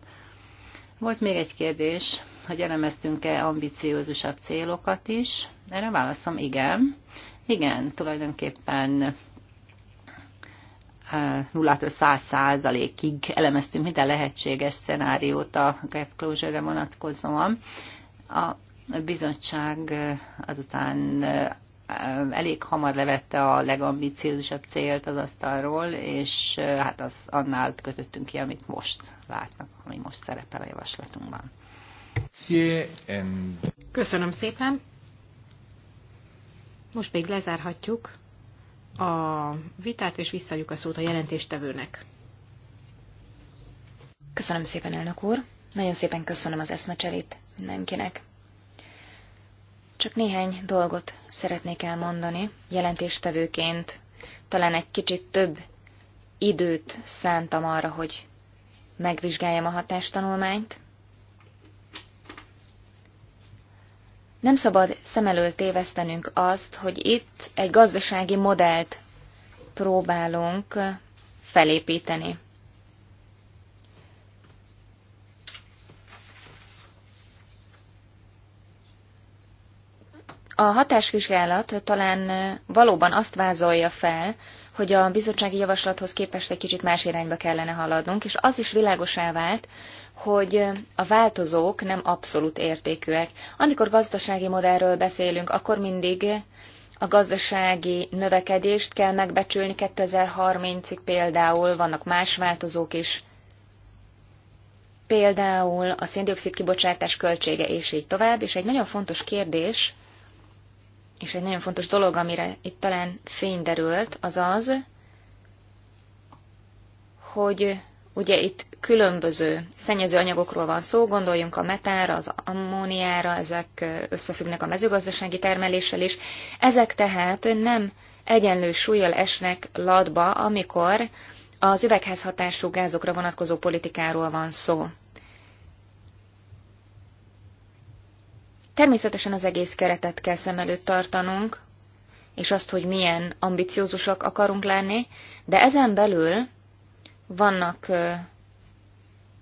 Volt még egy kérdés hogy elemeztünk-e ambiciózusabb célokat is. Erre válaszom igen. Igen, tulajdonképpen 0-től 100 százalékig elemeztünk minden lehetséges szenáriót a gap closure-re vonatkozóan. A bizottság azután elég hamar levette a legambiciózusabb célt az asztalról, és hát az annál kötöttünk ki, amit most látnak, ami most szerepel a javaslatunkban. Köszönöm szépen. Most még lezárhatjuk a vitát, és visszaadjuk a szót a jelentéstevőnek. Köszönöm szépen, elnök úr. Nagyon szépen köszönöm az eszmecserét mindenkinek. Csak néhány dolgot szeretnék elmondani jelentéstevőként. Talán egy kicsit több időt szántam arra, hogy megvizsgáljam a hatástanulmányt. Nem szabad szem elől tévesztenünk azt, hogy itt egy gazdasági modellt próbálunk felépíteni. A hatásvizsgálat talán valóban azt vázolja fel, hogy a bizottsági javaslathoz képest egy kicsit más irányba kellene haladnunk, és az is világosá vált, hogy a változók nem abszolút értékűek. Amikor gazdasági modellről beszélünk, akkor mindig a gazdasági növekedést kell megbecsülni 2030-ig például, vannak más változók is, például a széndiokszid kibocsátás költsége, és így tovább. És egy nagyon fontos kérdés, és egy nagyon fontos dolog, amire itt talán fény derült, az az, hogy Ugye itt különböző szennyező anyagokról van szó, gondoljunk a metára, az ammóniára, ezek összefüggnek a mezőgazdasági termeléssel is. Ezek tehát nem egyenlő súlyjal esnek ladba, amikor az üvegházhatású gázokra vonatkozó politikáról van szó. Természetesen az egész keretet kell szem előtt tartanunk, és azt, hogy milyen ambiciózusak akarunk lenni, de ezen belül vannak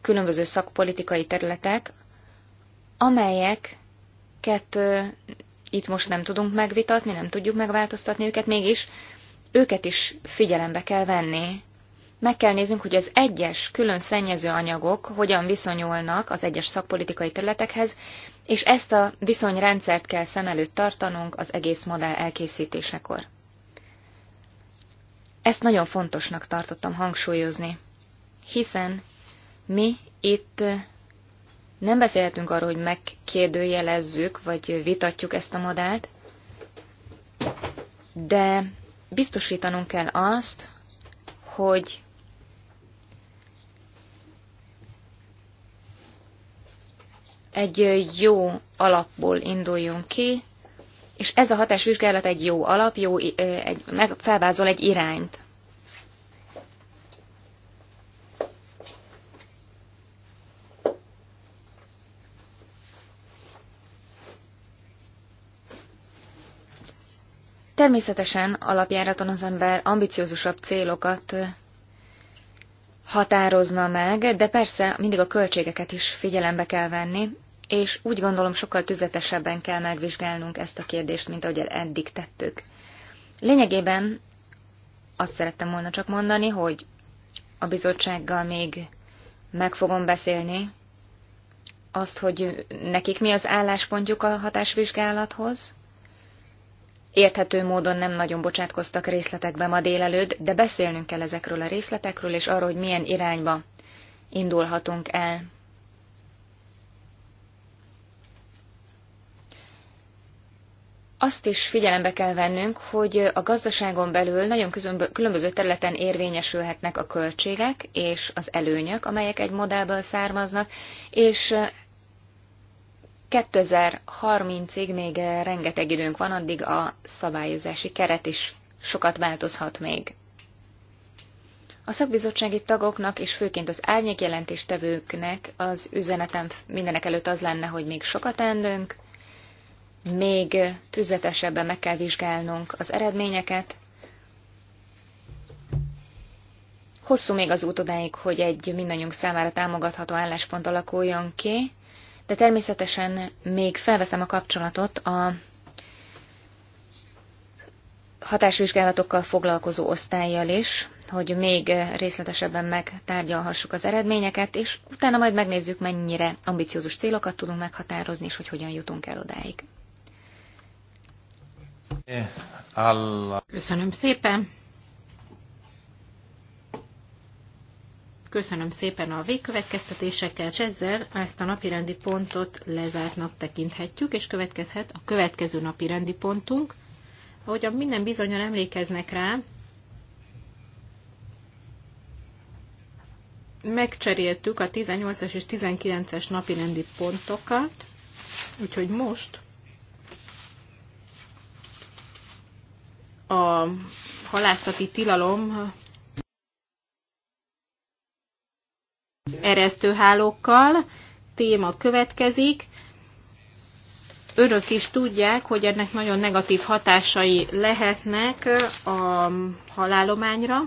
különböző szakpolitikai területek, amelyeket itt most nem tudunk megvitatni, nem tudjuk megváltoztatni őket, mégis őket is figyelembe kell venni. Meg kell néznünk, hogy az egyes külön szennyező anyagok hogyan viszonyulnak az egyes szakpolitikai területekhez, és ezt a viszonyrendszert kell szem előtt tartanunk az egész modell elkészítésekor. Ezt nagyon fontosnak tartottam hangsúlyozni, hiszen mi itt nem beszélhetünk arról, hogy megkérdőjelezzük, vagy vitatjuk ezt a modellt, de biztosítanunk kell azt, hogy egy jó alapból induljunk ki, és ez a hatásvizsgálat egy jó alap, jó, egy, meg felvázol egy irányt. Természetesen alapjáraton az ember ambiciózusabb célokat határozna meg, de persze mindig a költségeket is figyelembe kell venni, és úgy gondolom sokkal tüzetesebben kell megvizsgálnunk ezt a kérdést, mint ahogy eddig tettük. Lényegében azt szerettem volna csak mondani, hogy a bizottsággal még meg fogom beszélni azt, hogy nekik mi az álláspontjuk a hatásvizsgálathoz. Érthető módon nem nagyon bocsátkoztak részletekbe ma délelőtt, de beszélnünk kell ezekről a részletekről, és arról, hogy milyen irányba indulhatunk el. azt is figyelembe kell vennünk, hogy a gazdaságon belül nagyon különböző területen érvényesülhetnek a költségek és az előnyök, amelyek egy modellből származnak, és 2030-ig még rengeteg időnk van, addig a szabályozási keret is sokat változhat még. A szakbizottsági tagoknak és főként az árnyék jelentéstevőknek az üzenetem mindenek előtt az lenne, hogy még sokat endünk, még tüzetesebben meg kell vizsgálnunk az eredményeket. Hosszú még az út odáig, hogy egy mindannyiunk számára támogatható álláspont alakuljon ki, de természetesen még felveszem a kapcsolatot a hatásvizsgálatokkal foglalkozó osztályjal is, hogy még részletesebben megtárgyalhassuk az eredményeket, és utána majd megnézzük, mennyire ambiciózus célokat tudunk meghatározni, és hogy hogyan jutunk el odáig. Köszönöm szépen. Köszönöm szépen a végkövetkeztetéseket, és ezzel ezt a napirendi pontot lezártnak tekinthetjük, és következhet a következő napirendi pontunk. Ahogyan minden bizonyal emlékeznek rá, megcseréltük a 18-as és 19-es napirendi pontokat, úgyhogy most a halászati tilalom eresztőhálókkal téma következik. Örök is tudják, hogy ennek nagyon negatív hatásai lehetnek a halálományra.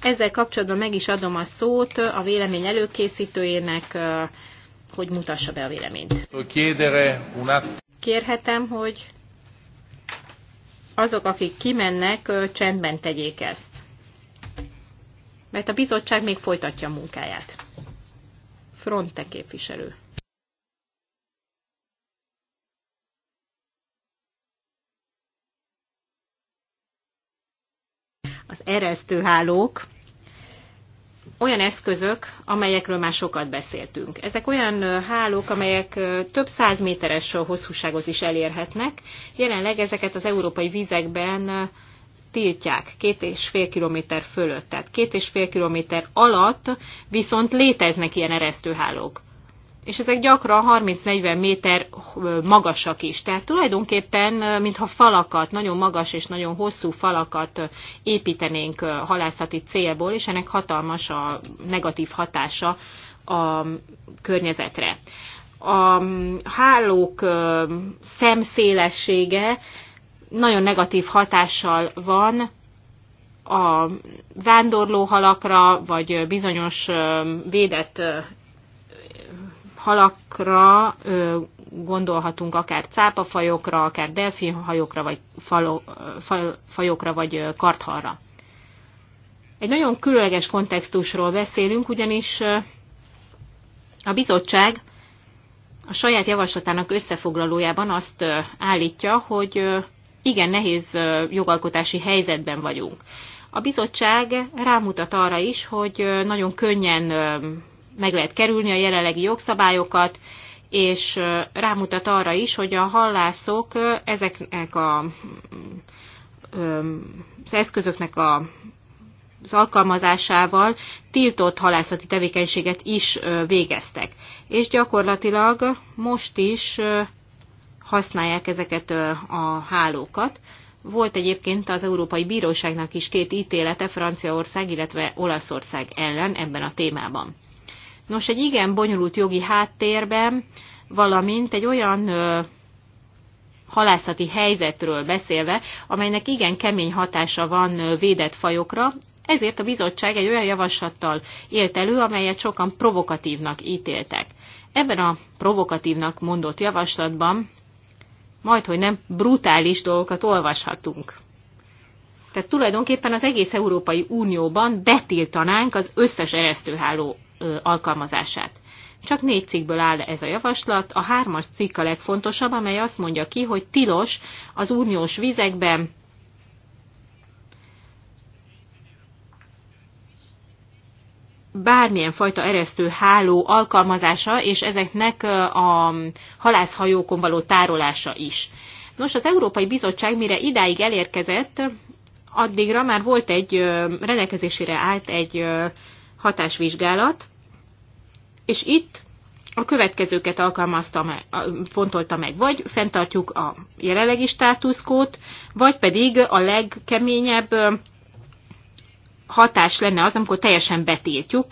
Ezzel kapcsolatban meg is adom a szót a vélemény előkészítőjének, hogy mutassa be a véleményt. Kérhetem, hogy azok, akik kimennek, csendben tegyék ezt. Mert a bizottság még folytatja a munkáját. Fronte képviselő. Az eresztőhálók olyan eszközök, amelyekről már sokat beszéltünk. Ezek olyan hálók, amelyek több száz méteres hosszúsághoz is elérhetnek. Jelenleg ezeket az európai vizekben tiltják két és fél kilométer fölött. Tehát két és fél kilométer alatt viszont léteznek ilyen eresztőhálók és ezek gyakran 30-40 méter magasak is. Tehát tulajdonképpen, mintha falakat, nagyon magas és nagyon hosszú falakat építenénk halászati célból, és ennek hatalmas a negatív hatása a környezetre. A hálók szemszélessége nagyon negatív hatással van a vándorlóhalakra, vagy bizonyos védett halakra gondolhatunk, akár cápafajokra, akár delfinhajokra, vagy falo, fajokra, vagy karthalra. Egy nagyon különleges kontextusról beszélünk, ugyanis a bizottság a saját javaslatának összefoglalójában azt állítja, hogy igen nehéz jogalkotási helyzetben vagyunk. A bizottság rámutat arra is, hogy nagyon könnyen meg lehet kerülni a jelenlegi jogszabályokat, és rámutat arra is, hogy a hallászok ezeknek a, az eszközöknek a, az alkalmazásával tiltott halászati tevékenységet is végeztek. És gyakorlatilag most is használják ezeket a hálókat. Volt egyébként az Európai Bíróságnak is két ítélete Franciaország, illetve Olaszország ellen ebben a témában. Nos, egy igen bonyolult jogi háttérben, valamint egy olyan halászati helyzetről beszélve, amelynek igen kemény hatása van védett fajokra, ezért a bizottság egy olyan javaslattal élt elő, amelyet sokan provokatívnak ítéltek. Ebben a provokatívnak mondott javaslatban majd, hogy nem brutális dolgokat olvashatunk. Tehát tulajdonképpen az egész Európai Unióban betiltanánk az összes eresztőháló alkalmazását. Csak négy cikkből áll ez a javaslat. A hármas cikk a legfontosabb, amely azt mondja ki, hogy tilos az uniós vizekben bármilyen fajta eresztő háló alkalmazása, és ezeknek a halászhajókon való tárolása is. Nos, az Európai Bizottság mire idáig elérkezett, addigra már volt egy rendelkezésére állt egy hatásvizsgálat, és itt a következőket alkalmazta, fontolta meg, vagy fenntartjuk a jelenlegi státuszkót, vagy pedig a legkeményebb hatás lenne az, amikor teljesen betiltjuk.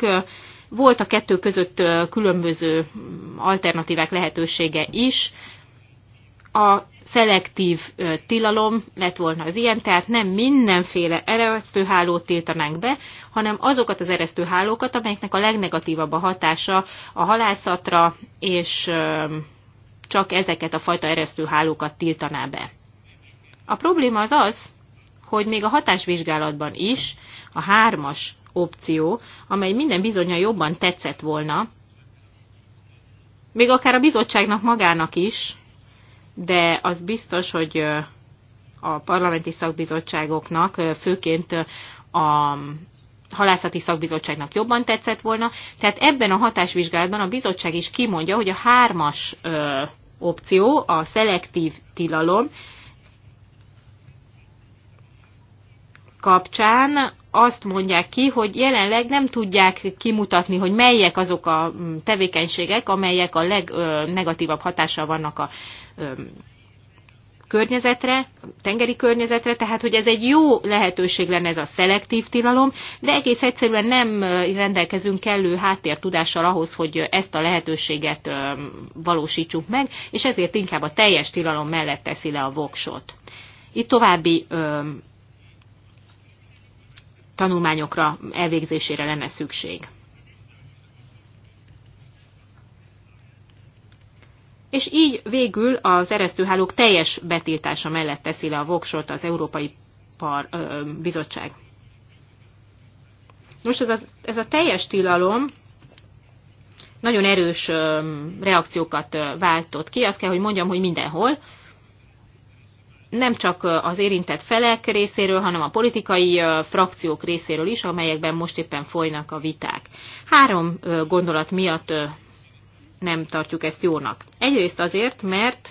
Volt a kettő között különböző alternatívák lehetősége is. A szelektív tilalom lett volna az ilyen, tehát nem mindenféle eresztőhálót tiltanánk be, hanem azokat az eresztőhálókat, amelyeknek a legnegatívabb a hatása a halászatra, és csak ezeket a fajta eresztőhálókat tiltaná be. A probléma az az, hogy még a hatásvizsgálatban is a hármas opció, amely minden bizonyal jobban tetszett volna, még akár a bizottságnak magának is, de az biztos, hogy a parlamenti szakbizottságoknak, főként a halászati szakbizottságnak jobban tetszett volna. Tehát ebben a hatásvizsgálatban a bizottság is kimondja, hogy a hármas ö, opció, a szelektív tilalom kapcsán azt mondják ki, hogy jelenleg nem tudják kimutatni, hogy melyek azok a mm, tevékenységek, amelyek a legnegatívabb hatással vannak a környezetre, tengeri környezetre, tehát hogy ez egy jó lehetőség lenne ez a szelektív tilalom, de egész egyszerűen nem rendelkezünk kellő háttértudással ahhoz, hogy ezt a lehetőséget valósítsuk meg, és ezért inkább a teljes tilalom mellett teszi le a voksot. Itt további tanulmányokra elvégzésére lenne szükség. és így végül az eresztőhálók teljes betiltása mellett teszi le a voksot az Európai Par, ö, Bizottság. Nos, ez a, ez a teljes tilalom nagyon erős ö, reakciókat ö, váltott ki. Azt kell, hogy mondjam, hogy mindenhol, nem csak az érintett felek részéről, hanem a politikai frakciók részéről is, amelyekben most éppen folynak a viták. Három gondolat miatt nem tartjuk ezt jónak. Egyrészt azért, mert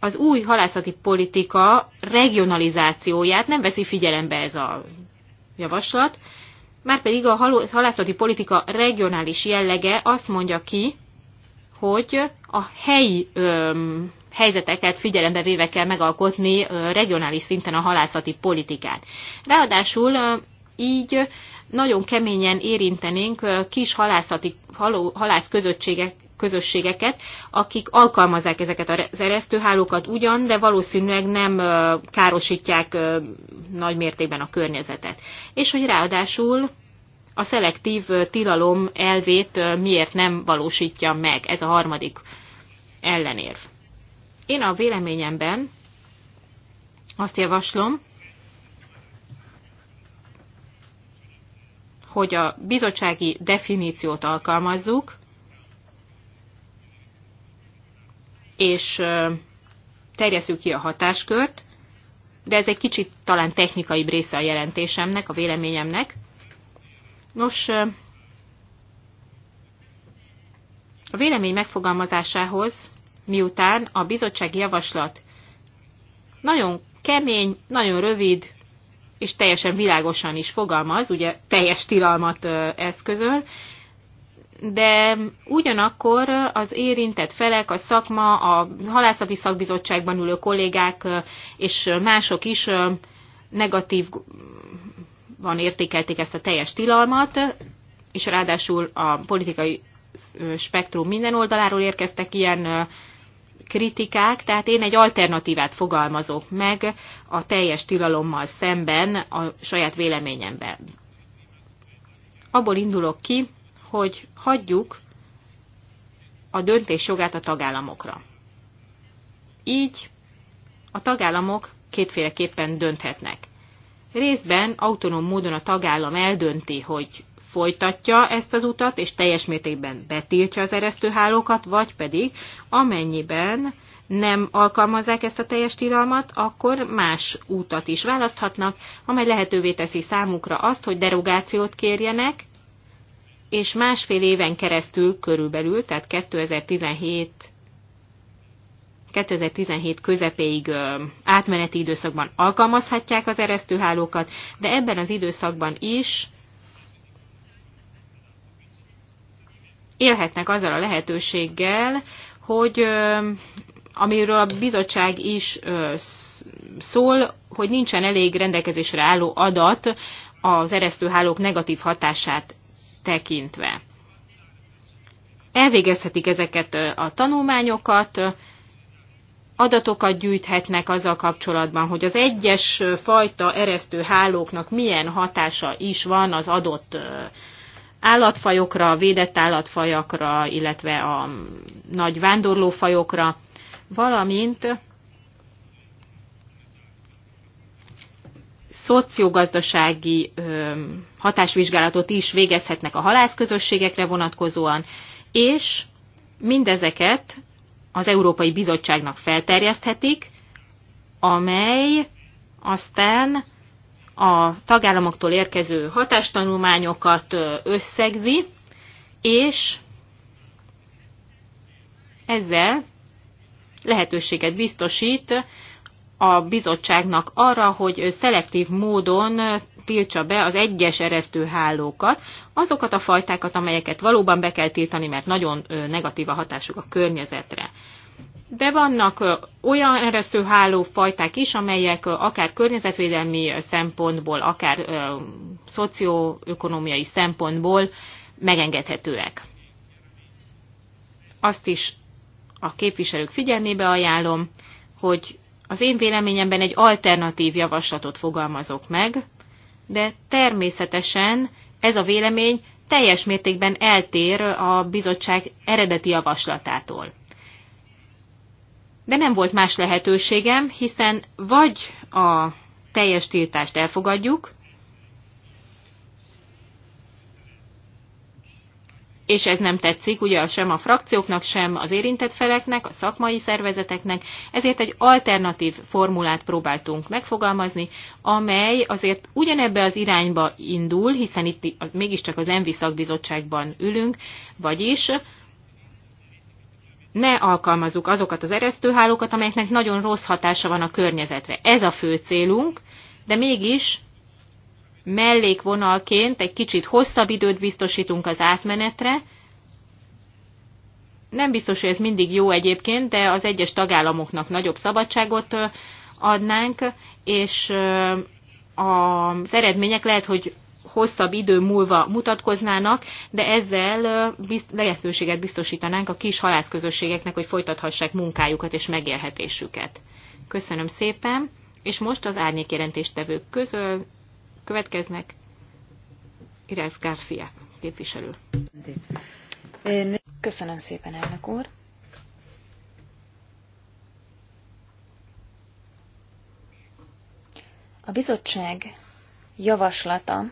az új halászati politika regionalizációját nem veszi figyelembe ez a javaslat, márpedig a halászati politika regionális jellege azt mondja ki, hogy a helyi ö, helyzeteket figyelembe véve kell megalkotni ö, regionális szinten a halászati politikát. Ráadásul ö, így nagyon keményen érintenénk kis halászati, haló, halász közösségek, közösségeket, akik alkalmazzák ezeket az eresztőhálókat ugyan, de valószínűleg nem károsítják nagy mértékben a környezetet. És hogy ráadásul a szelektív tilalom elvét miért nem valósítja meg ez a harmadik ellenérv. Én a véleményemben azt javaslom, hogy a bizottsági definíciót alkalmazzuk, és terjesszük ki a hatáskört, de ez egy kicsit talán technikai része a jelentésemnek, a véleményemnek. Nos, a vélemény megfogalmazásához, miután a bizottsági javaslat nagyon kemény, nagyon rövid, és teljesen világosan is fogalmaz, ugye teljes tilalmat eszközöl, de ugyanakkor az érintett felek, a szakma, a halászati szakbizottságban ülő kollégák és mások is negatív van értékelték ezt a teljes tilalmat, és ráadásul a politikai spektrum minden oldaláról érkeztek ilyen kritikák, tehát én egy alternatívát fogalmazok meg a teljes tilalommal szemben a saját véleményemben. Abból indulok ki, hogy hagyjuk a döntés jogát a tagállamokra. Így a tagállamok kétféleképpen dönthetnek. Részben autonóm módon a tagállam eldönti, hogy folytatja ezt az utat, és teljes mértékben betiltja az eresztőhálókat, vagy pedig amennyiben nem alkalmazzák ezt a teljes tilalmat, akkor más útat is választhatnak, amely lehetővé teszi számukra azt, hogy derogációt kérjenek, és másfél éven keresztül körülbelül, tehát 2017 2017 közepéig átmeneti időszakban alkalmazhatják az eresztőhálókat, de ebben az időszakban is élhetnek azzal a lehetőséggel, hogy amiről a bizottság is szól, hogy nincsen elég rendelkezésre álló adat az eresztőhálók negatív hatását tekintve. Elvégezhetik ezeket a tanulmányokat, adatokat gyűjthetnek azzal kapcsolatban, hogy az egyes fajta eresztőhálóknak milyen hatása is van az adott állatfajokra, védett állatfajakra, illetve a nagy vándorlófajokra, valamint szociogazdasági hatásvizsgálatot is végezhetnek a halászközösségekre vonatkozóan, és mindezeket az Európai Bizottságnak felterjeszthetik, amely aztán a tagállamoktól érkező hatástanulmányokat összegzi, és ezzel lehetőséget biztosít a bizottságnak arra, hogy szelektív módon tiltsa be az egyes eresztőhálókat, azokat a fajtákat, amelyeket valóban be kell tiltani, mert nagyon negatív a hatásuk a környezetre de vannak olyan eresztőháló fajták is, amelyek akár környezetvédelmi szempontból, akár szocioökonomiai szempontból megengedhetőek. Azt is a képviselők figyelmébe ajánlom, hogy az én véleményemben egy alternatív javaslatot fogalmazok meg, de természetesen ez a vélemény teljes mértékben eltér a bizottság eredeti javaslatától de nem volt más lehetőségem, hiszen vagy a teljes tiltást elfogadjuk, és ez nem tetszik ugye sem a frakcióknak, sem az érintett feleknek, a szakmai szervezeteknek, ezért egy alternatív formulát próbáltunk megfogalmazni, amely azért ugyanebbe az irányba indul, hiszen itt mégiscsak az ENVI szakbizottságban ülünk, vagyis ne alkalmazzuk azokat az eresztőhálókat, amelyeknek nagyon rossz hatása van a környezetre. Ez a fő célunk, de mégis mellékvonalként egy kicsit hosszabb időt biztosítunk az átmenetre. Nem biztos, hogy ez mindig jó egyébként, de az egyes tagállamoknak nagyobb szabadságot adnánk, és az eredmények lehet, hogy hosszabb idő múlva mutatkoznának, de ezzel lehetőséget biztosítanánk a kis halászközösségeknek, hogy folytathassák munkájukat és megélhetésüket. Köszönöm szépen, és most az árnyékjelentéstevők közül következnek Irász Garcia képviselő. Köszönöm szépen, elnök úr! A bizottság javaslata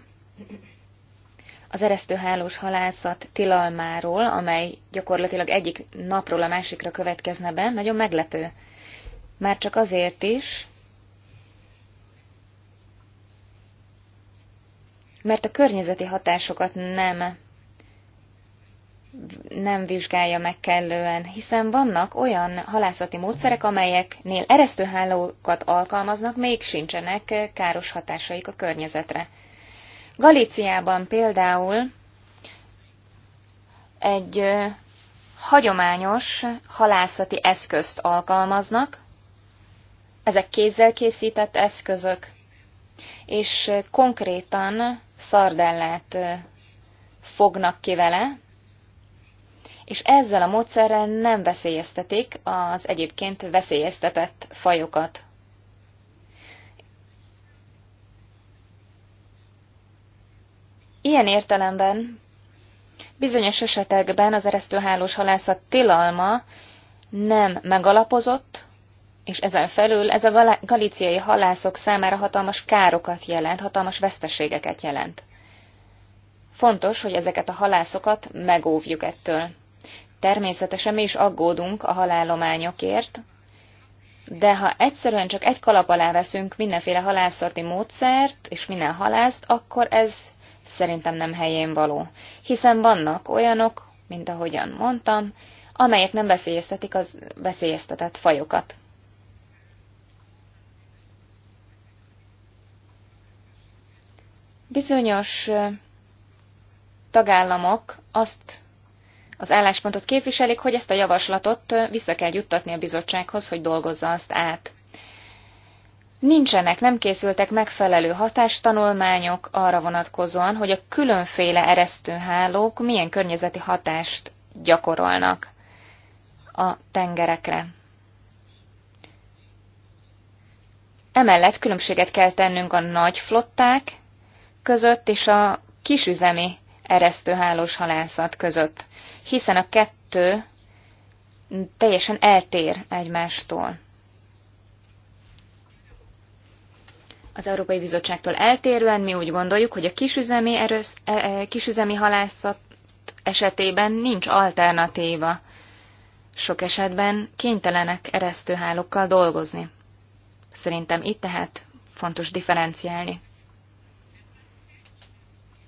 az eresztőhálós halászat tilalmáról, amely gyakorlatilag egyik napról a másikra következne be, nagyon meglepő. Már csak azért is, mert a környezeti hatásokat nem nem vizsgálja meg kellően, hiszen vannak olyan halászati módszerek, amelyeknél eresztőhálókat alkalmaznak, még sincsenek káros hatásaik a környezetre. Galíciában például egy hagyományos halászati eszközt alkalmaznak, ezek kézzel készített eszközök, és konkrétan szardellát fognak ki vele, és ezzel a módszerrel nem veszélyeztetik az egyébként veszélyeztetett fajokat. Ilyen értelemben bizonyos esetekben az eresztőhálós halászat tilalma nem megalapozott, és ezen felül ez a galiciai halászok számára hatalmas károkat jelent, hatalmas veszteségeket jelent. Fontos, hogy ezeket a halászokat megóvjuk ettől. Természetesen mi is aggódunk a halálományokért, de ha egyszerűen csak egy kalap alá veszünk mindenféle halászati módszert és minden halászt, akkor ez szerintem nem helyén való. Hiszen vannak olyanok, mint ahogyan mondtam, amelyek nem veszélyeztetik az veszélyeztetett fajokat. Bizonyos tagállamok azt az álláspontot képviselik, hogy ezt a javaslatot vissza kell juttatni a bizottsághoz, hogy dolgozza azt át. Nincsenek, nem készültek megfelelő hatástanulmányok arra vonatkozóan, hogy a különféle eresztőhálók milyen környezeti hatást gyakorolnak a tengerekre. Emellett különbséget kell tennünk a nagy flották között és a kisüzemi eresztőhálós halászat között, hiszen a kettő teljesen eltér egymástól. Az Európai Bizottságtól eltérően mi úgy gondoljuk, hogy a kisüzemi, erősz, e, e, kisüzemi halászat esetében nincs alternatíva. Sok esetben kénytelenek eresztőhálókkal dolgozni. Szerintem itt tehát fontos differenciálni.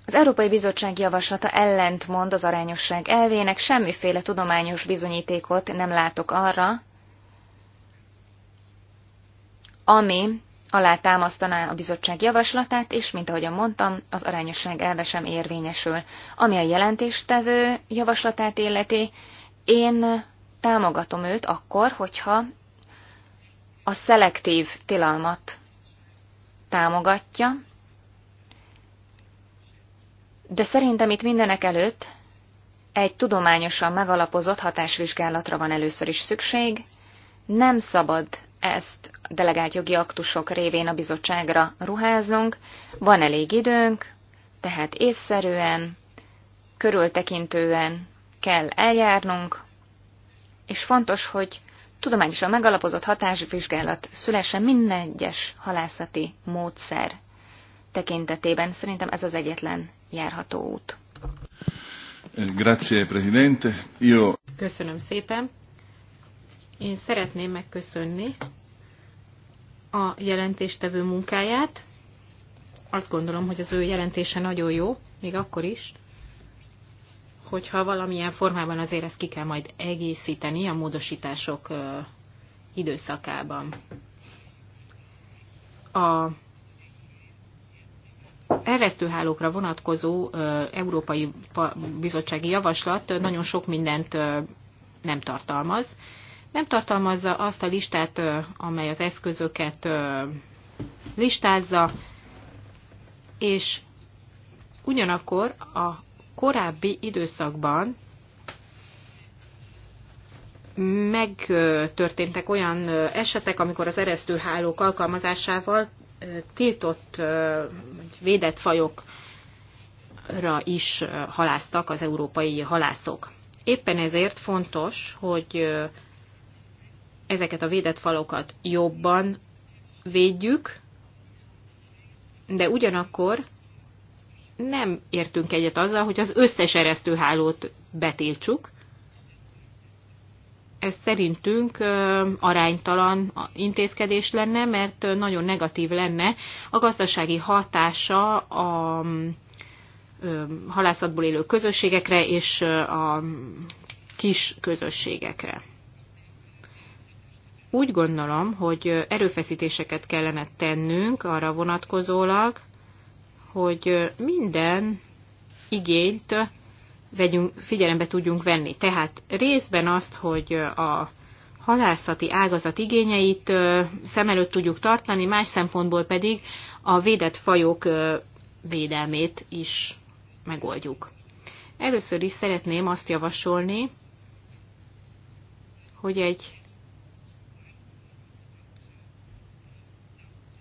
Az Európai Bizottság javaslata ellentmond az arányosság elvének, semmiféle tudományos bizonyítékot nem látok arra, ami alá támasztaná a bizottság javaslatát, és mint ahogyan mondtam, az arányosság elve sem érvényesül. Ami a jelentéstevő javaslatát illeti, én támogatom őt akkor, hogyha a szelektív tilalmat támogatja, de szerintem itt mindenek előtt egy tudományosan megalapozott hatásvizsgálatra van először is szükség, nem szabad ezt delegált jogi aktusok révén a bizottságra ruháznunk. Van elég időnk, tehát észszerűen, körültekintően kell eljárnunk, és fontos, hogy tudományosan megalapozott hatásvizsgálat szülessen minden egyes halászati módszer tekintetében. Szerintem ez az egyetlen járható út. Grazie, Presidente. Io... Köszönöm szépen. Én szeretném megköszönni a jelentéstevő munkáját. Azt gondolom, hogy az ő jelentése nagyon jó, még akkor is, hogyha valamilyen formában azért ezt ki kell majd egészíteni a módosítások időszakában. A eresztőhálókra vonatkozó Európai Bizottsági Javaslat nagyon sok mindent nem tartalmaz, nem tartalmazza azt a listát, amely az eszközöket listázza, és ugyanakkor a korábbi időszakban megtörténtek olyan esetek, amikor az eresztőhálók alkalmazásával tiltott védett fajokra is halásztak az európai halászok. Éppen ezért fontos, hogy ezeket a védett falokat jobban védjük, de ugyanakkor nem értünk egyet azzal, hogy az összes eresztőhálót betiltsuk. Ez szerintünk aránytalan intézkedés lenne, mert nagyon negatív lenne a gazdasági hatása a halászatból élő közösségekre és a kis közösségekre úgy gondolom, hogy erőfeszítéseket kellene tennünk arra vonatkozólag, hogy minden igényt vegyünk, figyelembe tudjunk venni. Tehát részben azt, hogy a halászati ágazat igényeit szem előtt tudjuk tartani, más szempontból pedig a védett fajok védelmét is megoldjuk. Először is szeretném azt javasolni, hogy egy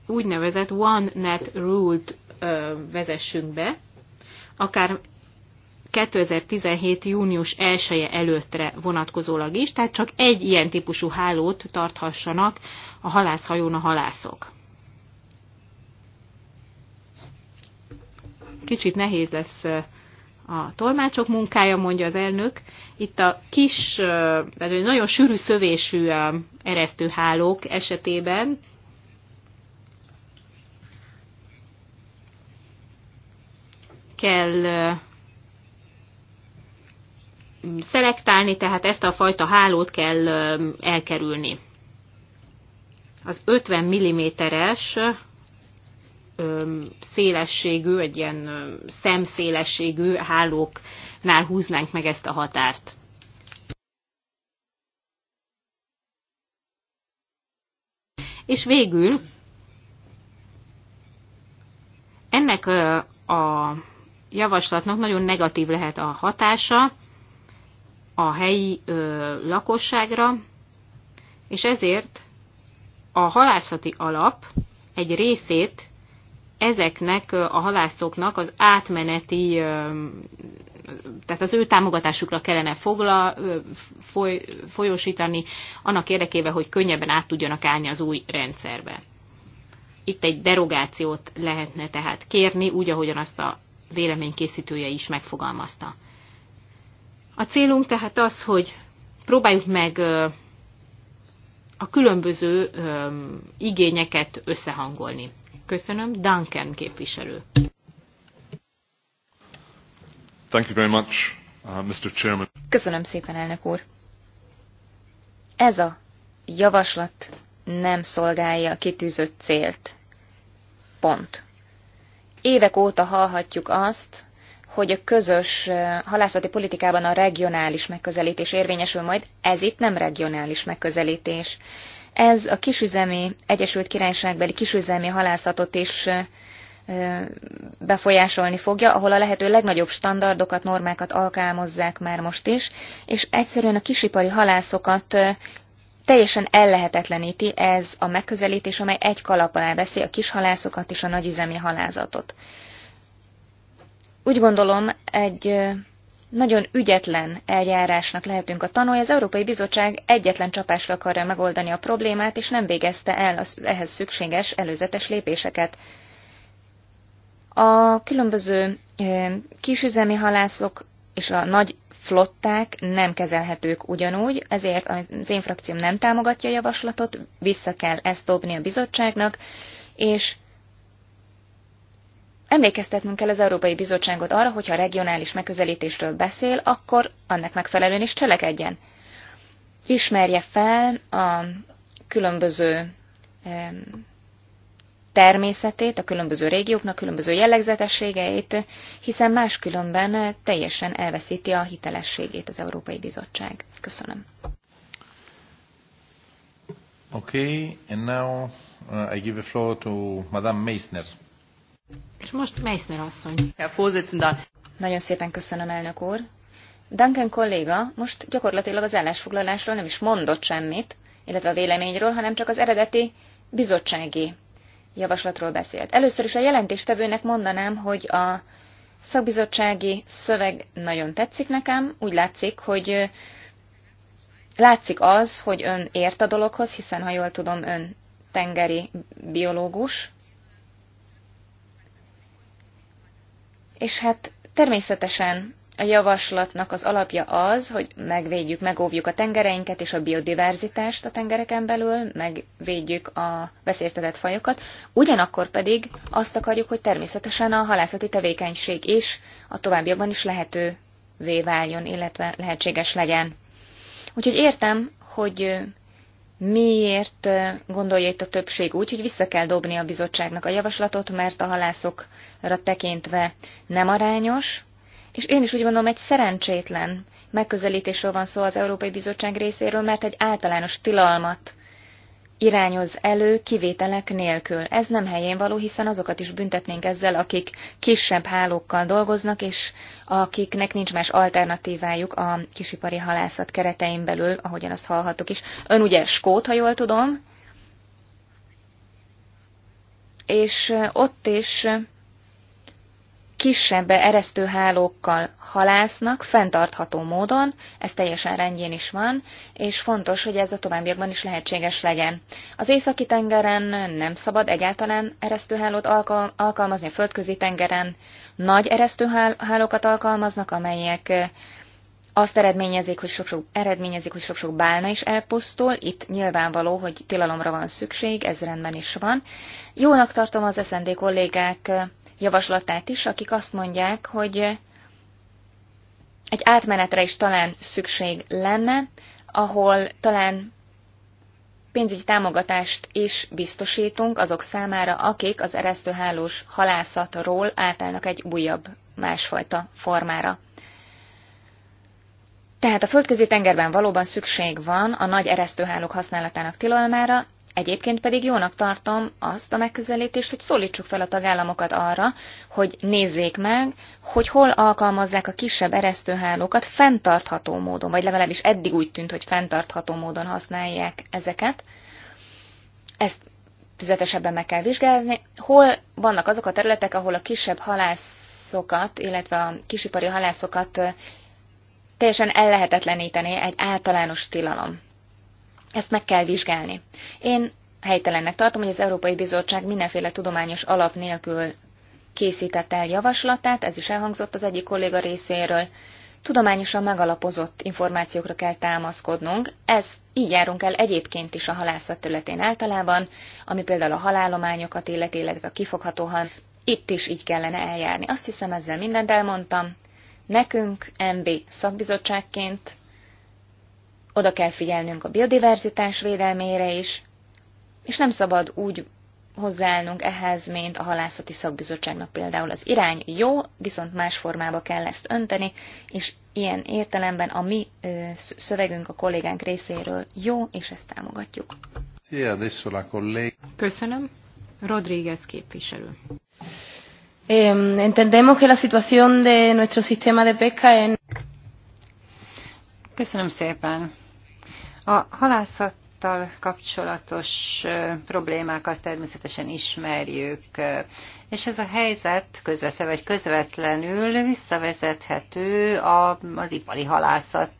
úgynevezett One Net Rule-t vezessünk be, akár 2017. június 1 -e előttre vonatkozólag is, tehát csak egy ilyen típusú hálót tarthassanak a halászhajón a halászok. Kicsit nehéz lesz a tolmácsok munkája, mondja az elnök. Itt a kis, nagyon sűrű szövésű eresztőhálók esetében kell szelektálni, tehát ezt a fajta hálót kell elkerülni. Az 50 mm-es szélességű, egy ilyen szemszélességű hálóknál húznánk meg ezt a határt. És végül ennek a javaslatnak nagyon negatív lehet a hatása a helyi ö, lakosságra, és ezért a halászati alap egy részét ezeknek a halászoknak az átmeneti, tehát az ő támogatásukra kellene fogla, foly, folyosítani, annak érdekében, hogy könnyebben át tudjanak állni az új rendszerbe. Itt egy derogációt lehetne tehát kérni, úgy, ahogyan azt a véleménykészítője is megfogalmazta. A célunk tehát az, hogy próbáljuk meg a különböző igényeket összehangolni. Köszönöm, Duncan képviselő. Thank you very much, uh, Mr. Chairman. Köszönöm szépen, elnök úr. Ez a javaslat nem szolgálja a kitűzött célt. Pont. Évek óta hallhatjuk azt, hogy a közös halászati politikában a regionális megközelítés érvényesül majd, ez itt nem regionális megközelítés. Ez a kisüzemi, Egyesült Királyságbeli kisüzemi halászatot is befolyásolni fogja, ahol a lehető legnagyobb standardokat, normákat alkalmazzák már most is, és egyszerűen a kisipari halászokat teljesen ellehetetleníti ez a megközelítés, amely egy kalap alá veszi a kishalászokat és a nagyüzemi halázatot. Úgy gondolom, egy nagyon ügyetlen eljárásnak lehetünk a tanulja. Az Európai Bizottság egyetlen csapásra akarja megoldani a problémát, és nem végezte el az ehhez szükséges előzetes lépéseket. A különböző kisüzemi halászok és a nagy flották nem kezelhetők ugyanúgy, ezért az én frakcióm nem támogatja a javaslatot, vissza kell ezt dobni a bizottságnak, és Emlékeztetnünk kell az Európai Bizottságot arra, hogyha a regionális megközelítésről beszél, akkor annak megfelelően is cselekedjen. Ismerje fel a különböző természetét, a különböző régióknak különböző jellegzetességeit, hiszen máskülönben teljesen elveszíti a hitelességét az Európai Bizottság. Köszönöm. Okay, and now uh, I give the floor to Madame Meissner. És most Meissner asszony. Nagyon szépen köszönöm, elnök úr. Duncan kolléga most gyakorlatilag az állásfoglalásról nem is mondott semmit, illetve a véleményről, hanem csak az eredeti bizottsági javaslatról beszélt. Először is a jelentéstevőnek mondanám, hogy a szakbizottsági szöveg nagyon tetszik nekem. Úgy látszik, hogy látszik az, hogy ön ért a dologhoz, hiszen ha jól tudom, ön tengeri biológus. És hát természetesen a javaslatnak az alapja az, hogy megvédjük, megóvjuk a tengereinket és a biodiverzitást a tengereken belül, megvédjük a veszélyeztetett fajokat, ugyanakkor pedig azt akarjuk, hogy természetesen a halászati tevékenység is a továbbiakban is lehetővé váljon, illetve lehetséges legyen. Úgyhogy értem, hogy miért gondolja itt a többség úgy, hogy vissza kell dobni a bizottságnak a javaslatot, mert a halászokra tekintve nem arányos, és én is úgy gondolom, egy szerencsétlen megközelítésről van szó az Európai Bizottság részéről, mert egy általános tilalmat irányoz elő kivételek nélkül. Ez nem helyén való, hiszen azokat is büntetnénk ezzel, akik kisebb hálókkal dolgoznak, és akiknek nincs más alternatívájuk a kisipari halászat keretein belül, ahogyan azt hallhattuk is. Ön ugye skót, ha jól tudom, és ott is kisebb eresztőhálókkal halásznak fenntartható módon, ez teljesen rendjén is van, és fontos, hogy ez a továbbiakban is lehetséges legyen. Az északi tengeren nem szabad egyáltalán eresztőhálót alkalmazni, a földközi tengeren nagy eresztőhálókat alkalmaznak, amelyek eh, azt eredményezik, hogy sok-sok, eredményezik, hogy sok-sok bálna is elpusztul, itt nyilvánvaló, hogy tilalomra van szükség, ez rendben is van. Jónak tartom az SZND kollégák eh, javaslatát is, akik azt mondják, hogy egy átmenetre is talán szükség lenne, ahol talán pénzügyi támogatást is biztosítunk azok számára, akik az eresztőhálós halászatról átállnak egy újabb, másfajta formára. Tehát a földközi tengerben valóban szükség van a nagy eresztőhálók használatának tilalmára, Egyébként pedig jónak tartom azt a megközelítést, hogy szólítsuk fel a tagállamokat arra, hogy nézzék meg, hogy hol alkalmazzák a kisebb eresztőhálókat fenntartható módon, vagy legalábbis eddig úgy tűnt, hogy fenntartható módon használják ezeket. Ezt tüzetesebben meg kell vizsgálni. Hol vannak azok a területek, ahol a kisebb halászokat, illetve a kisipari halászokat teljesen ellehetetlenítené egy általános tilalom. Ezt meg kell vizsgálni. Én helytelennek tartom, hogy az Európai Bizottság mindenféle tudományos alap nélkül készített el javaslatát, ez is elhangzott az egyik kolléga részéről. Tudományosan megalapozott információkra kell támaszkodnunk, ez így járunk el egyébként is a halászat területén általában, ami például a halálományokat illeti, illetve a kifogható hal. Itt is így kellene eljárni. Azt hiszem, ezzel mindent elmondtam. Nekünk MB szakbizottságként oda kell figyelnünk a biodiverzitás védelmére is, és nem szabad úgy hozzáállnunk ehhez, mint a halászati szakbizottságnak például. Az irány jó, viszont más formába kell ezt önteni, és ilyen értelemben a mi szövegünk a kollégánk részéről jó, és ezt támogatjuk. Köszönöm. Rodríguez képviselő. Entendemos que la situación de nuestro sistema de pesca en... Köszönöm szépen. A halászattal kapcsolatos problémákat természetesen ismerjük, és ez a helyzet közvetve vagy közvetlenül visszavezethető az ipari halászat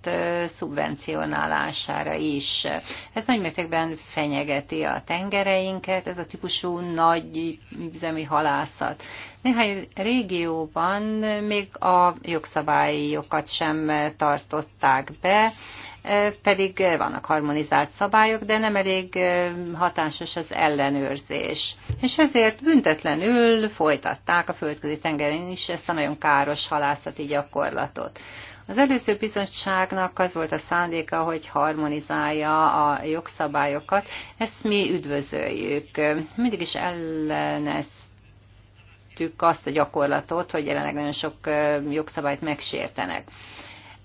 szubvencionálására is. Ez nagymértékben fenyegeti a tengereinket, ez a típusú nagy üzemi halászat. Néhány régióban még a jogszabályokat sem tartották be, Eh, pedig vannak harmonizált szabályok, de nem elég eh, hatásos az ellenőrzés. És ezért büntetlenül folytatták a földközi tengeren is ezt a nagyon káros halászati gyakorlatot. Az előző bizottságnak az volt a szándéka, hogy harmonizálja a jogszabályokat. Ezt mi üdvözöljük. Mindig is elleneztük azt a gyakorlatot, hogy jelenleg nagyon sok eh, jogszabályt megsértenek.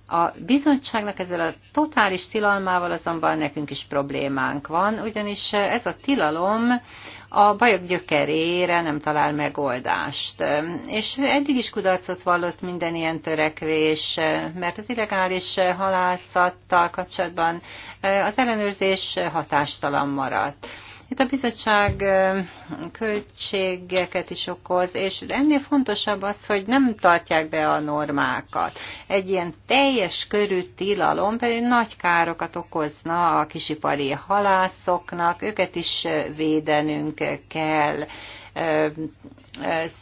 A bizottságnak ezzel a totális tilalmával azonban nekünk is problémánk van, ugyanis ez a tilalom a bajok gyökerére nem talál megoldást. És eddig is kudarcot vallott minden ilyen törekvés, mert az illegális halászattal kapcsolatban az ellenőrzés hatástalan maradt. Itt a bizottság költségeket is okoz, és ennél fontosabb az, hogy nem tartják be a normákat. Egy ilyen teljes körű tilalom pedig nagy károkat okozna a kisipari halászoknak, őket is védenünk kell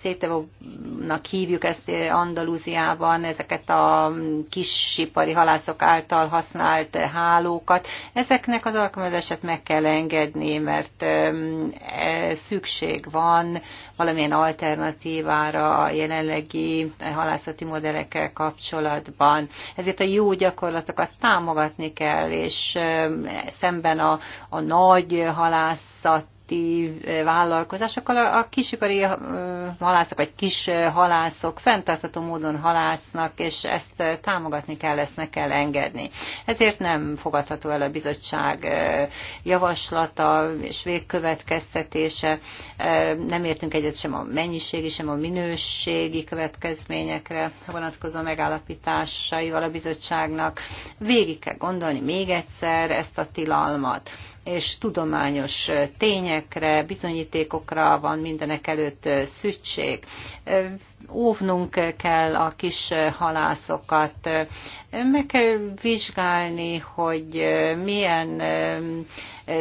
szétevónak hívjuk ezt Andalúziában, ezeket a kisipari halászok által használt hálókat. Ezeknek az alkalmazását meg kell engedni, mert e, szükség van valamilyen alternatívára a jelenlegi halászati modellekkel kapcsolatban. Ezért a jó gyakorlatokat támogatni kell, és szemben a, a nagy halászat közötti vállalkozásokkal a kisipari halászok, vagy kis halászok fenntartható módon halásznak, és ezt támogatni kell, ezt meg kell engedni. Ezért nem fogadható el a bizottság javaslata és végkövetkeztetése. Nem értünk egyet sem a mennyiségi, sem a minőségi következményekre vonatkozó megállapításaival a bizottságnak. Végig kell gondolni még egyszer ezt a tilalmat és tudományos tényekre, bizonyítékokra van mindenek előtt szükség. Óvnunk kell a kis halászokat, meg kell vizsgálni, hogy milyen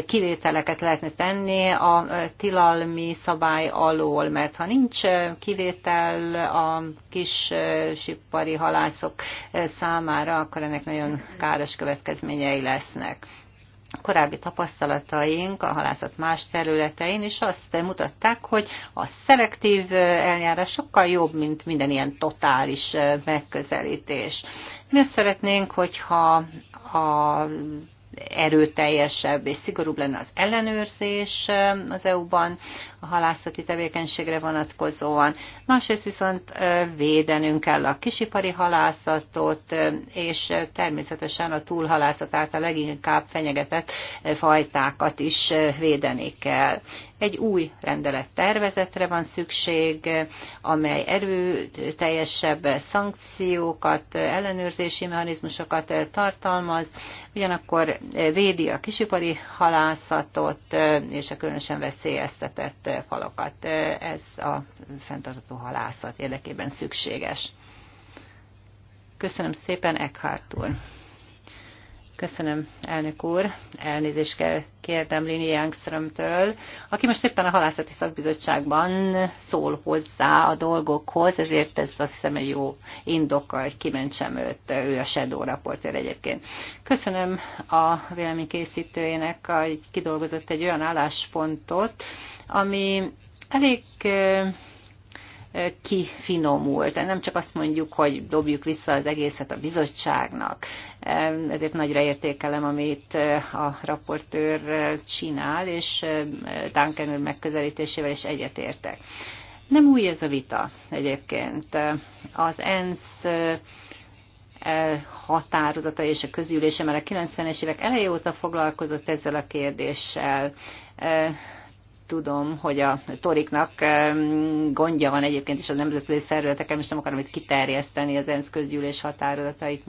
kivételeket lehetne tenni a tilalmi szabály alól, mert ha nincs kivétel a kis sipari halászok számára, akkor ennek nagyon káros következményei lesznek korábbi tapasztalataink a halászat más területein is azt mutatták, hogy a szelektív eljárás sokkal jobb, mint minden ilyen totális megközelítés. Mi azt szeretnénk, hogyha a erőteljesebb és szigorúbb lenne az ellenőrzés eh, az EU-ban a halászati tevékenységre vonatkozóan. Másrészt viszont eh, védenünk kell a kisipari halászatot, eh, és természetesen a túlhalászat által leginkább fenyegetett fajtákat is védeni kell egy új rendelet tervezetre van szükség, amely erőteljesebb szankciókat, ellenőrzési mechanizmusokat tartalmaz, ugyanakkor védi a kisipari halászatot és a különösen veszélyeztetett falakat. Ez a fenntartható halászat érdekében szükséges. Köszönöm szépen, Eckhart úr. Köszönöm, elnök úr. Elnézést kell megkérdemlini Youngströmtől, aki most éppen a halászati szakbizottságban szól hozzá a dolgokhoz, ezért ez azt hiszem egy jó indoka, hogy kimentsem őt, ő a Shadow raportőr egyébként. Köszönöm a véleménykészítőjének, hogy kidolgozott egy olyan álláspontot, ami elég kifinomult. Nem csak azt mondjuk, hogy dobjuk vissza az egészet a bizottságnak. Ezért nagyra értékelem, amit a raportőr csinál, és Duncan úr megközelítésével is egyetértek. Nem új ez a vita egyébként. Az ENSZ e, határozata és a közülése, mert a 90-es évek elejé óta foglalkozott ezzel a kérdéssel. E, tudom, hogy a toriknak gondja van egyébként is a nemzetközi szervezetekkel, és nem akarom itt kiterjeszteni az ENSZ közgyűlés határozatait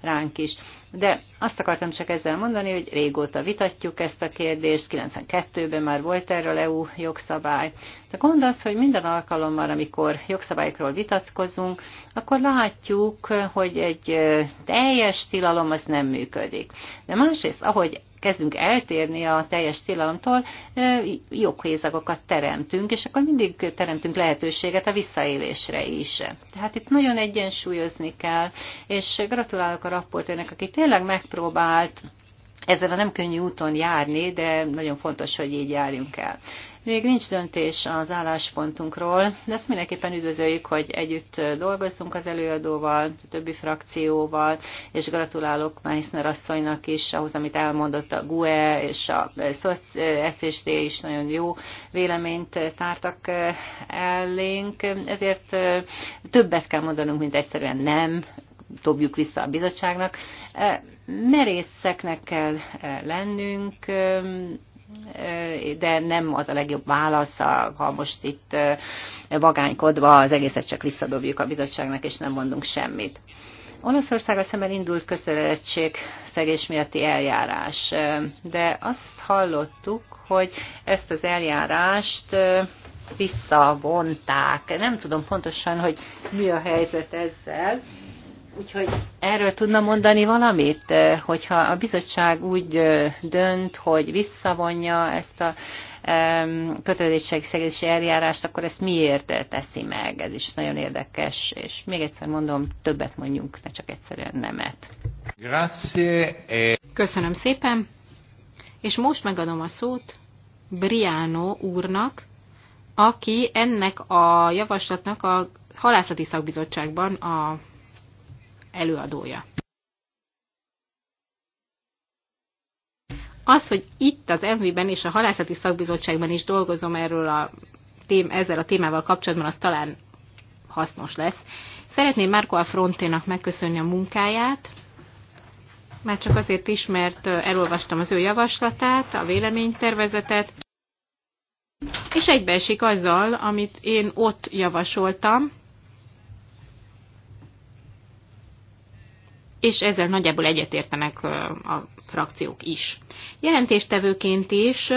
ránk is. De azt akartam csak ezzel mondani, hogy régóta vitatjuk ezt a kérdést, 92-ben már volt erről EU jogszabály. De gond az, hogy minden alkalommal, amikor jogszabályokról vitatkozunk, akkor látjuk, hogy egy teljes tilalom az nem működik. De másrészt, ahogy kezdünk eltérni a teljes tilalomtól, joghézagokat teremtünk, és akkor mindig teremtünk lehetőséget a visszaélésre is. Tehát itt nagyon egyensúlyozni kell, és gratulálok a raportőrnek, aki tényleg megpróbált ezzel a nem könnyű úton járni, de nagyon fontos, hogy így járjunk el. Még nincs döntés az álláspontunkról, de ezt mindenképpen üdvözöljük, hogy együtt dolgozzunk az előadóval, a többi frakcióval, és gratulálok Meissner asszonynak is ahhoz, amit elmondott a GUE és a SSD eh, is nagyon jó véleményt tártak eh, elénk, ezért eh, többet kell mondanunk, mint egyszerűen nem dobjuk vissza a bizottságnak. E, merészeknek kell e, lennünk, e, de nem az a legjobb válasz, ha most itt vagánykodva az egészet csak visszadobjuk a bizottságnak, és nem mondunk semmit. Olaszország a szemben indult kötelezettség szegés miatti eljárás, de azt hallottuk, hogy ezt az eljárást visszavonták. Nem tudom pontosan, hogy mi a helyzet ezzel, Úgyhogy erről tudna mondani valamit, eh, hogyha a bizottság úgy eh, dönt, hogy visszavonja ezt a kötelezettségszegési eljárást, akkor ezt miért teszi meg? Ez is nagyon érdekes, és még egyszer mondom, többet mondjunk, ne csak egyszerűen nemet. Grazie. E- Köszönöm szépen, és most megadom a szót Briano úrnak, aki ennek a javaslatnak a halászati szakbizottságban a előadója. Az, hogy itt az MV-ben és a Halászati Szakbizottságban is dolgozom erről a tém, ezzel a témával kapcsolatban, az talán hasznos lesz. Szeretném Marco Affronténak megköszönni a munkáját, már csak azért is, mert elolvastam az ő javaslatát, a véleménytervezetet, és egybeesik azzal, amit én ott javasoltam, és ezzel nagyjából egyetértenek a frakciók is. Jelentéstevőként is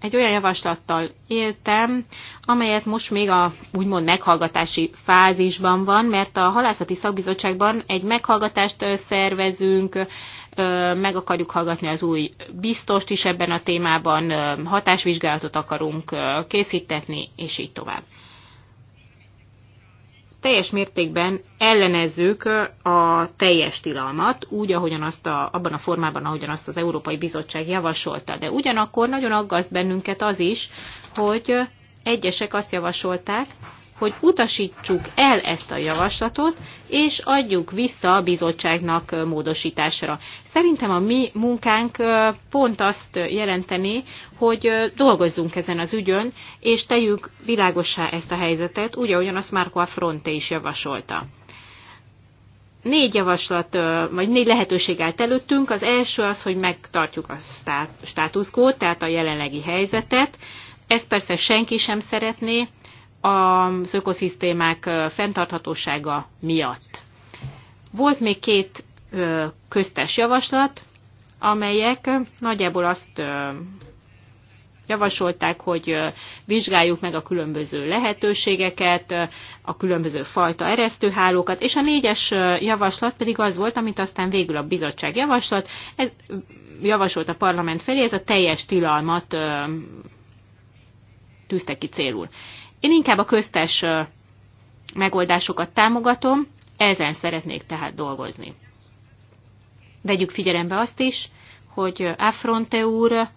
egy olyan javaslattal éltem, amelyet most még a úgymond meghallgatási fázisban van, mert a halászati szakbizottságban egy meghallgatást szervezünk, meg akarjuk hallgatni az új biztost is ebben a témában, hatásvizsgálatot akarunk készítetni, és így tovább teljes mértékben ellenezzük a teljes tilalmat, úgy, ahogyan azt a, abban a formában, ahogyan azt az Európai Bizottság javasolta. De ugyanakkor nagyon aggaszt bennünket az is, hogy egyesek azt javasolták, hogy utasítsuk el ezt a javaslatot, és adjuk vissza a bizottságnak módosításra. Szerintem a mi munkánk pont azt jelenteni, hogy dolgozzunk ezen az ügyön, és tegyük világossá ezt a helyzetet, úgy, ahogyan azt Marco a Fronte is javasolta négy javaslat, vagy négy lehetőség állt előttünk. Az első az, hogy megtartjuk a státuszkót, tehát a jelenlegi helyzetet. Ezt persze senki sem szeretné, az ökoszisztémák fenntarthatósága miatt. Volt még két köztes javaslat, amelyek nagyjából azt javasolták, hogy vizsgáljuk meg a különböző lehetőségeket, a különböző fajta eresztőhálókat, és a négyes javaslat pedig az volt, amit aztán végül a bizottság javaslat, ez, javasolt a parlament felé, ez a teljes tilalmat tűzte ki célul. Én inkább a köztes megoldásokat támogatom, ezen szeretnék tehát dolgozni. Vegyük figyelembe azt is, hogy Afronte úr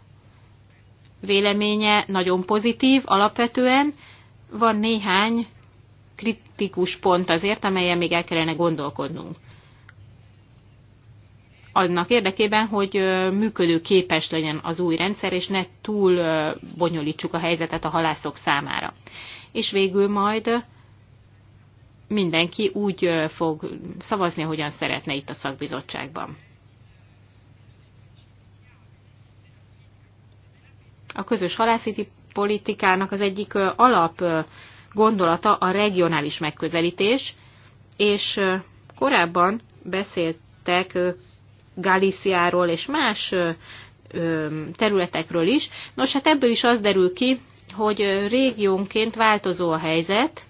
véleménye nagyon pozitív alapvetően, van néhány kritikus pont azért, amelyen még el kellene gondolkodnunk. Annak érdekében, hogy működő képes legyen az új rendszer, és ne túl bonyolítsuk a helyzetet a halászok számára és végül majd mindenki úgy fog szavazni, hogyan szeretne itt a szakbizottságban. A közös halászati politikának az egyik alap gondolata a regionális megközelítés, és korábban beszéltek Galíciáról és más területekről is. Nos, hát ebből is az derül ki, hogy régiónként változó a helyzet,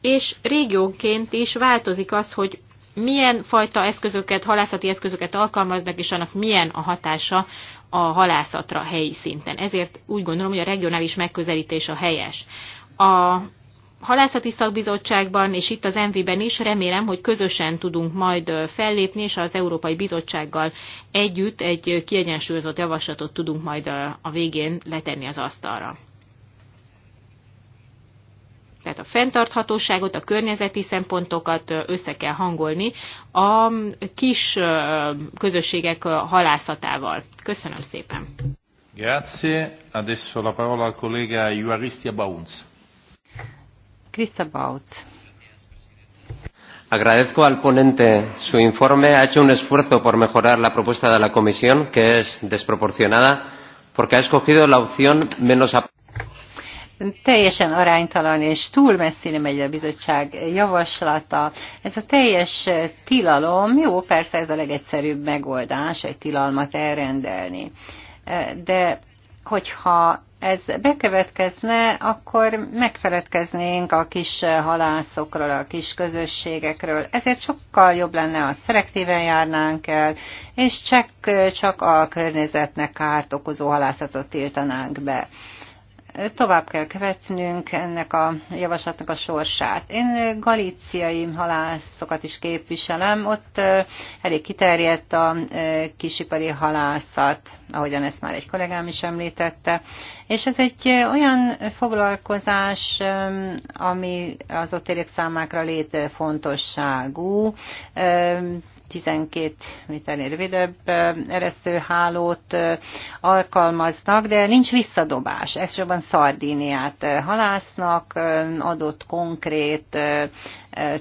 és régiónként is változik azt, hogy milyen fajta eszközöket, halászati eszközöket alkalmaznak, és annak milyen a hatása a halászatra helyi szinten. Ezért úgy gondolom, hogy a regionális megközelítés a helyes. A halászati szakbizottságban és itt az MV-ben is remélem, hogy közösen tudunk majd fellépni, és az Európai Bizottsággal együtt egy kiegyensúlyozott javaslatot tudunk majd a végén letenni az asztalra. Tehát a fenntarthatóságot, a környezeti szempontokat össze kell hangolni a kis közösségek halászatával. Köszönöm szépen! Grazie. Adesso la parola al collega Juaristia Baunz. Krista Bautz. Agradezco al ponente su informe. Ha hecho un esfuerzo por mejorar la propuesta de la Comisión, que es desproporcionada, porque ha escogido la opción menos. Teljesen aránytalan és túl messzire megy a bizottság javaslata. Ez a teljes tilalom, jó, persze ez a legegyszerűbb megoldás, egy tilalmat elrendelni. De hogyha ez bekövetkezne, akkor megfeledkeznénk a kis halászokról, a kis közösségekről. Ezért sokkal jobb lenne, ha szelektíven járnánk el, és csak, csak a környezetnek kárt okozó halászatot tiltanánk be tovább kell követnünk ennek a javaslatnak a sorsát. Én galíciai halászokat is képviselem, ott elég kiterjedt a kisipari halászat, ahogyan ezt már egy kollégám is említette, és ez egy olyan foglalkozás, ami az ott élők számákra létfontosságú, 12 méternél rövidebb eresztőhálót alkalmaznak, de nincs visszadobás. Elsősorban Szardíniát halásznak, adott konkrét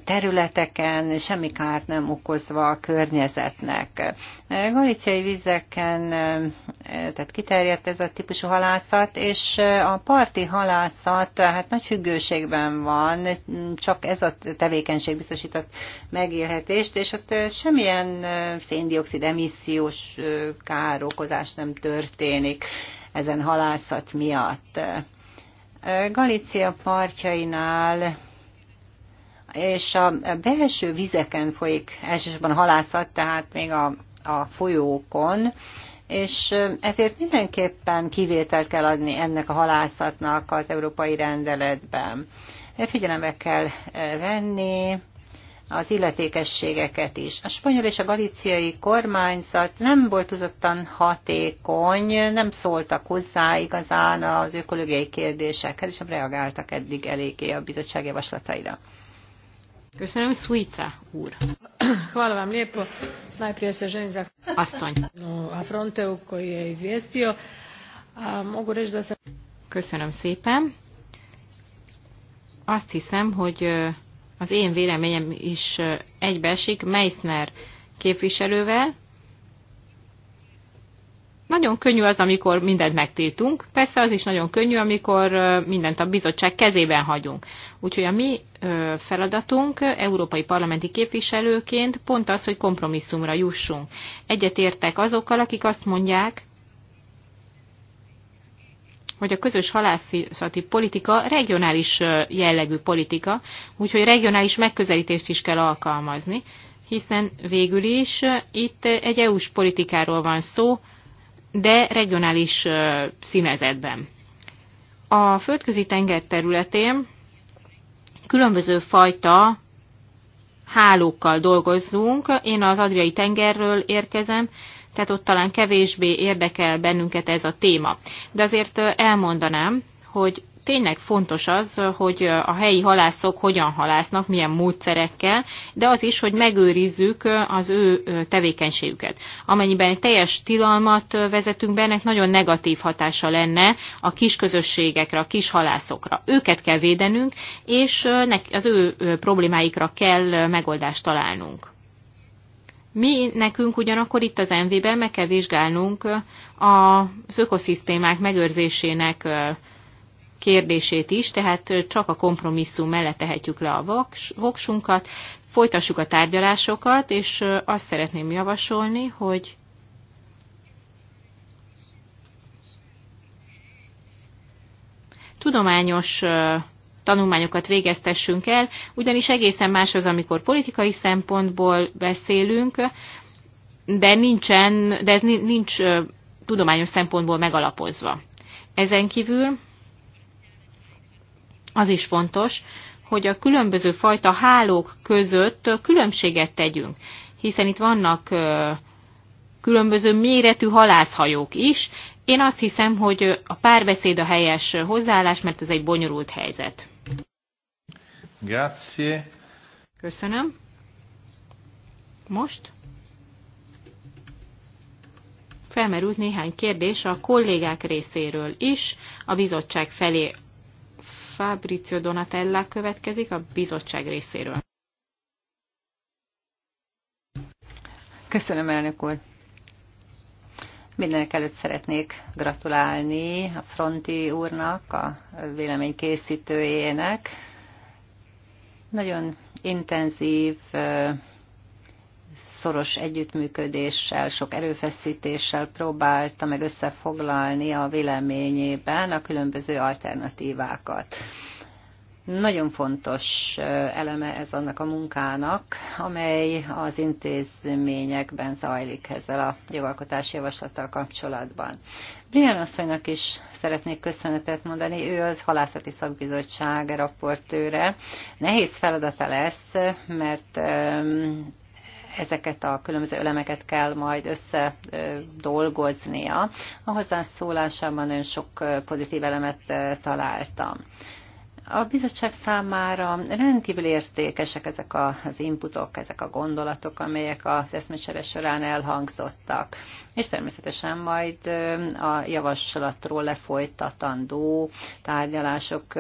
területeken, semmi kárt nem okozva a környezetnek. Galiciai vizeken tehát kiterjedt ez a típusú halászat, és a parti halászat hát nagy függőségben van, csak ez a tevékenység biztosított megélhetést, és ott semmilyen széndiokszid emissziós károkozás nem történik ezen halászat miatt. Galícia partjainál és a belső vizeken folyik elsősorban a halászat, tehát még a, a folyókon, és ezért mindenképpen kivételt kell adni ennek a halászatnak az európai rendeletben. Figyelembe kell eh, venni az illetékességeket is. A spanyol és a galiciai kormányzat nem volt tudottan hatékony, nem szóltak hozzá igazán az ökológiai kérdésekhez, és nem reagáltak eddig eléggé a bizottság javaslataira. Köszönöm, Suica úr. Hvala vam lijepo. Najprije se želim zahvaliti Afronteu koji je izvijestio. A, mogu reći da sam... Köszönöm szépen. Azt hiszem, hogy az én véleményem is egybeesik Meissner képviselővel, nagyon könnyű az, amikor mindent megtiltunk, persze az is nagyon könnyű, amikor mindent a bizottság kezében hagyunk. Úgyhogy a mi feladatunk európai parlamenti képviselőként pont az, hogy kompromisszumra jussunk. Egyetértek azokkal, akik azt mondják, hogy a közös halászati politika regionális jellegű politika, úgyhogy regionális megközelítést is kell alkalmazni, hiszen végül is itt egy EU-s politikáról van szó, de regionális színezetben. A földközi tenger területén különböző fajta hálókkal dolgozzunk. Én az Adriai tengerről érkezem, tehát ott talán kevésbé érdekel bennünket ez a téma. De azért elmondanám, hogy tényleg fontos az, hogy a helyi halászok hogyan halásznak, milyen módszerekkel, de az is, hogy megőrizzük az ő tevékenységüket. Amennyiben egy teljes tilalmat vezetünk be, ennek nagyon negatív hatása lenne a kis közösségekre, a kis halászokra. Őket kell védenünk, és az ő problémáikra kell megoldást találnunk. Mi nekünk ugyanakkor itt az MV-ben meg kell vizsgálnunk az ökoszisztémák megőrzésének kérdését is, tehát csak a kompromisszum mellett tehetjük le a voksunkat, folytassuk a tárgyalásokat, és azt szeretném javasolni, hogy tudományos tanulmányokat végeztessünk el, ugyanis egészen más az, amikor politikai szempontból beszélünk, de, nincsen, de ez nincs tudományos szempontból megalapozva. Ezen kívül az is fontos, hogy a különböző fajta hálók között különbséget tegyünk, hiszen itt vannak különböző méretű halászhajók is. Én azt hiszem, hogy a párbeszéd a helyes hozzáállás, mert ez egy bonyolult helyzet. Grazie. Köszönöm. Most felmerült néhány kérdés a kollégák részéről is a bizottság felé Fabrizio Donatella következik a bizottság részéről. Köszönöm, elnök úr! Mindenek előtt szeretnék gratulálni a Fronti úrnak, a vélemény készítőjének. Nagyon intenzív szoros együttműködéssel, sok erőfeszítéssel próbálta meg összefoglalni a véleményében a különböző alternatívákat. Nagyon fontos eleme ez annak a munkának, amely az intézményekben zajlik ezzel a jogalkotási javaslattal kapcsolatban. Brian asszonynak is szeretnék köszönetet mondani, ő az Halászati Szakbizottság raportőre. Nehéz feladata lesz, mert ezeket a különböző elemeket kell majd összedolgoznia. A hozzászólásában nagyon sok pozitív elemet találtam. A bizottság számára rendkívül értékesek ezek az inputok, ezek a gondolatok, amelyek az eszmecsere során elhangzottak. És természetesen majd a javaslatról lefolytatandó tárgyalások,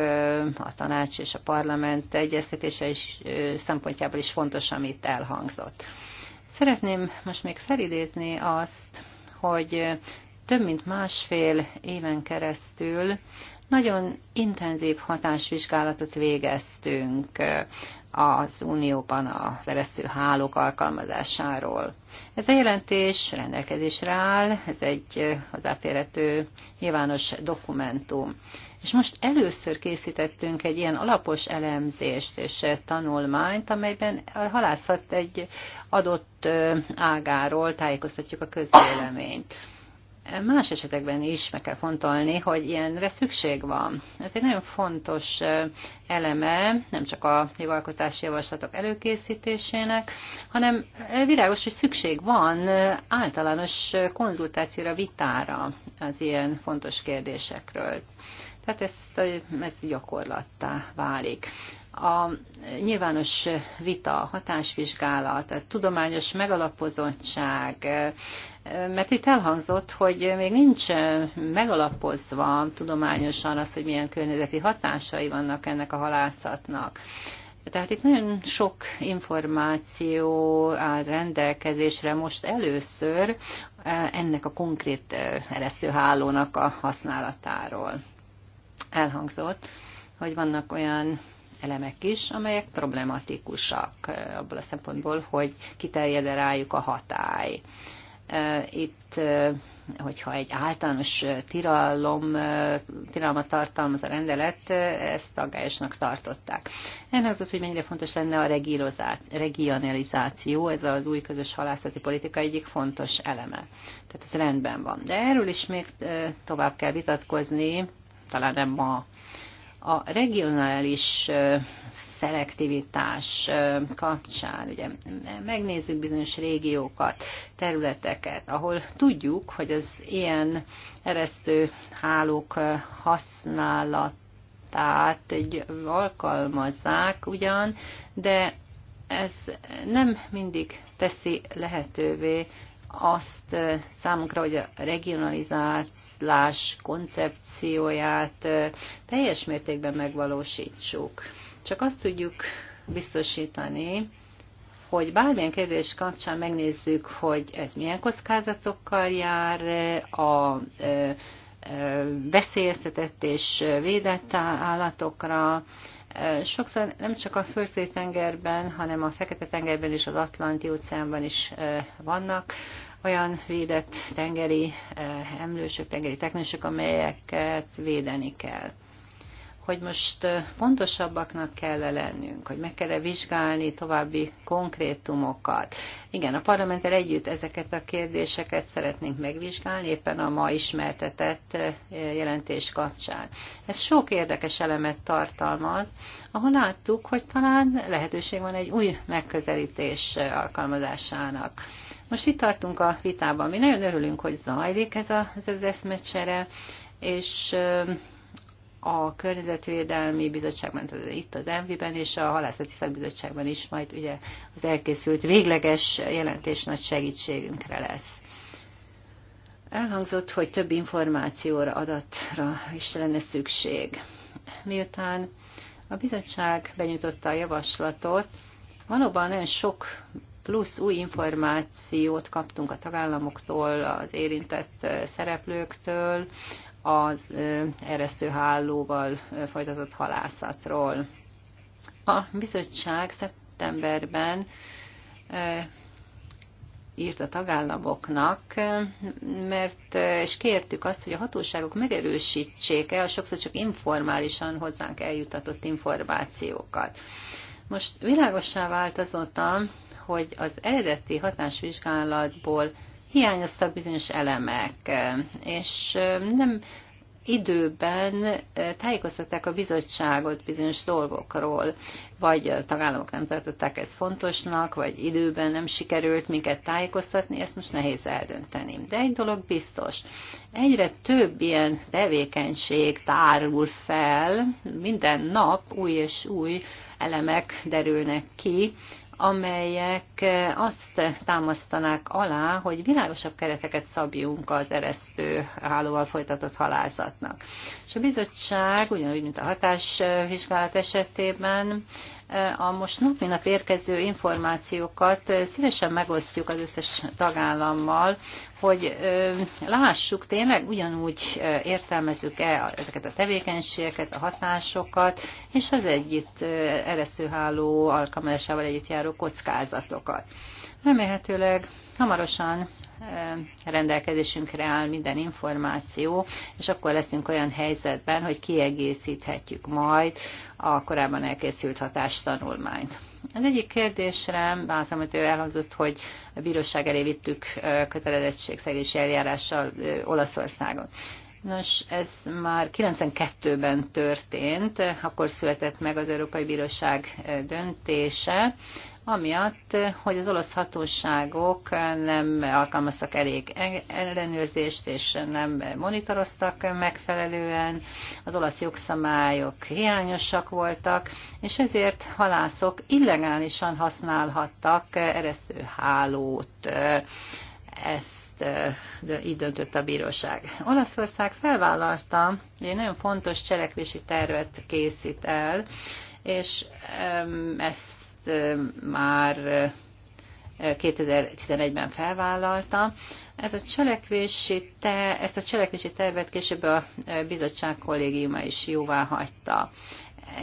a tanács és a parlament egyeztetése is szempontjából is fontos, amit elhangzott. Szeretném most még felidézni azt, hogy több mint másfél éven keresztül nagyon intenzív hatásvizsgálatot végeztünk az Unióban a keresztő hálók alkalmazásáról. Ez a jelentés rendelkezésre áll, ez egy hozzáférhető nyilvános dokumentum. És most először készítettünk egy ilyen alapos elemzést és eh, tanulmányt, amelyben a halászat egy adott eh, ágáról tájékoztatjuk a közvéleményt. Más esetekben is meg kell fontolni, hogy ilyenre szükség van. Ez egy nagyon fontos eh, eleme, nem csak a jogalkotási javaslatok előkészítésének, hanem világos, hogy szükség van általános konzultációra, vitára az ilyen fontos kérdésekről. Tehát ez, ez gyakorlattá válik. A nyilvános vita, hatásvizsgálat, a tudományos megalapozottság, mert itt elhangzott, hogy még nincs megalapozva tudományosan az, hogy milyen környezeti hatásai vannak ennek a halászatnak. Tehát itt nagyon sok információ áll rendelkezésre most először ennek a konkrét eresztőhálónak a használatáról elhangzott, hogy vannak olyan elemek is, amelyek problematikusak eh, abból a szempontból, hogy kiterjed-e rájuk a hatály. Eh, itt, eh, hogyha egy általános tiralom, tiralmat tartalmaz a rendelet, ezt tagályosnak tartották. az, hogy mennyire fontos lenne a regionalizáció, ez az új közös halászati politika egyik fontos eleme. Tehát ez rendben van. De erről is még tovább kell vitatkozni, talán nem ma. A regionális szelektivitás kapcsán, ugye megnézzük bizonyos régiókat, területeket, ahol tudjuk, hogy az ilyen eresztő hálók használatát egy, alkalmazzák ugyan, de ez nem mindig teszi lehetővé azt számunkra, hogy a regionalizáció eloszlás koncepcióját teljes mértékben megvalósítsuk. Csak azt tudjuk biztosítani, hogy bármilyen kérdés kapcsán megnézzük, hogy ez milyen kockázatokkal jár, a veszélyeztetett és védett állatokra, sokszor nem csak a földközi tengerben, hanem a Fekete tengerben és az Atlanti óceánban is vannak olyan védett tengeri eh, emlősök, tengeri teknősök, amelyeket védeni kell. Hogy most eh, pontosabbaknak kell -e lennünk, hogy meg kell -e vizsgálni további konkrétumokat. Igen, a parlamenttel együtt ezeket a kérdéseket szeretnénk megvizsgálni, éppen a ma ismertetett eh, jelentés kapcsán. Ez sok érdekes elemet tartalmaz, ahol láttuk, hogy talán lehetőség van egy új megközelítés alkalmazásának most itt tartunk a vitában. Mi nagyon örülünk, hogy zajlik ez, a, az eszmecsere, és a Környezetvédelmi Bizottságban, itt az ENVI-ben és a Halászati Szakbizottságban is majd ugye az elkészült végleges jelentés nagy segítségünkre lesz. Elhangzott, hogy több információra, adatra is lenne szükség. Miután a bizottság benyújtotta a javaslatot, valóban nagyon sok plusz új információt kaptunk a tagállamoktól, az érintett szereplőktől, az eresztőhálóval folytatott halászatról. A bizottság szeptemberben írt a tagállamoknak, mert és kértük azt, hogy a hatóságok megerősítsék el sokszor csak informálisan hozzánk eljutatott információkat. Most világosá vált azóta, hogy az eredeti hatásvizsgálatból hiányoztak bizonyos elemek, és nem időben tájékoztatták a bizottságot bizonyos dolgokról, vagy a tagállamok nem tartották ezt fontosnak, vagy időben nem sikerült minket tájékoztatni, ezt most nehéz eldönteni. De egy dolog biztos, egyre több ilyen tevékenység tárul fel, minden nap új és új elemek derülnek ki, amelyek eh, azt támasztanák alá, hogy világosabb kereteket szabjunk az eresztő hálóval folytatott halázatnak. És a bizottság, ugyanúgy, mint a hatásvizsgálat esetében, a most nap mint nap érkező információkat szívesen megosztjuk az összes tagállammal, hogy lássuk tényleg ugyanúgy értelmezzük-e ezeket a tevékenységeket, a hatásokat, és az együtt eresztőháló alkalmazásával együtt járó kockázatokat. Remélhetőleg hamarosan Eh, rendelkezésünkre áll minden információ, és akkor leszünk olyan helyzetben, hogy kiegészíthetjük majd a korábban elkészült hatástanulmányt. Az egyik kérdésre, az, amit ő elhozott, hogy a bíróság elé vittük eh, kötelezettségszegési eljárással eh, Olaszországon. Nos, ez már 92-ben történt, akkor született meg az Európai Bíróság döntése, amiatt, hogy az olasz hatóságok nem alkalmaztak elég ellenőrzést, és nem monitoroztak megfelelően, az olasz jogszabályok hiányosak voltak, és ezért halászok illegálisan használhattak eresztőhálót. Ezt így döntött a bíróság. Olaszország felvállalta, hogy egy nagyon fontos cselekvési tervet készít el, és ezt már 2011-ben felvállalta. Ez a cselekvési te, ezt a cselekvési tervet később a bizottság kollégiuma is jóvá hagyta.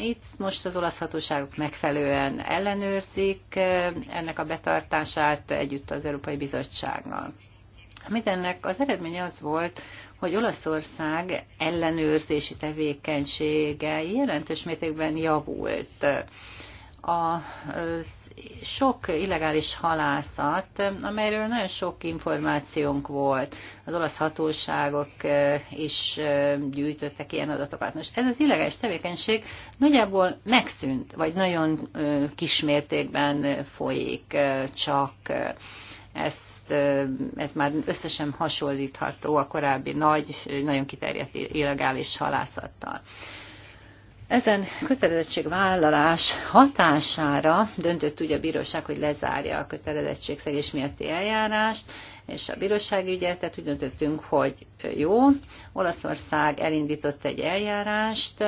Itt most az olasz hatóságok megfelelően ellenőrzik ennek a betartását együtt az Európai Bizottsággal. Mindennek az eredménye az volt, hogy Olaszország ellenőrzési tevékenysége jelentős mértékben javult a sok illegális halászat, amelyről nagyon sok információnk volt. Az olasz hatóságok is gyűjtöttek ilyen adatokat. Most ez az illegális tevékenység nagyjából megszűnt, vagy nagyon kismértékben folyik csak ezt, ez már összesen hasonlítható a korábbi nagy, nagyon kiterjedt illegális halászattal. Ezen kötelezettségvállalás hatására döntött úgy a bíróság, hogy lezárja a kötelezettségszegés miatti eljárást, és a bíróság ügyet, tehát úgy döntöttünk, hogy jó, Olaszország elindított egy eljárást,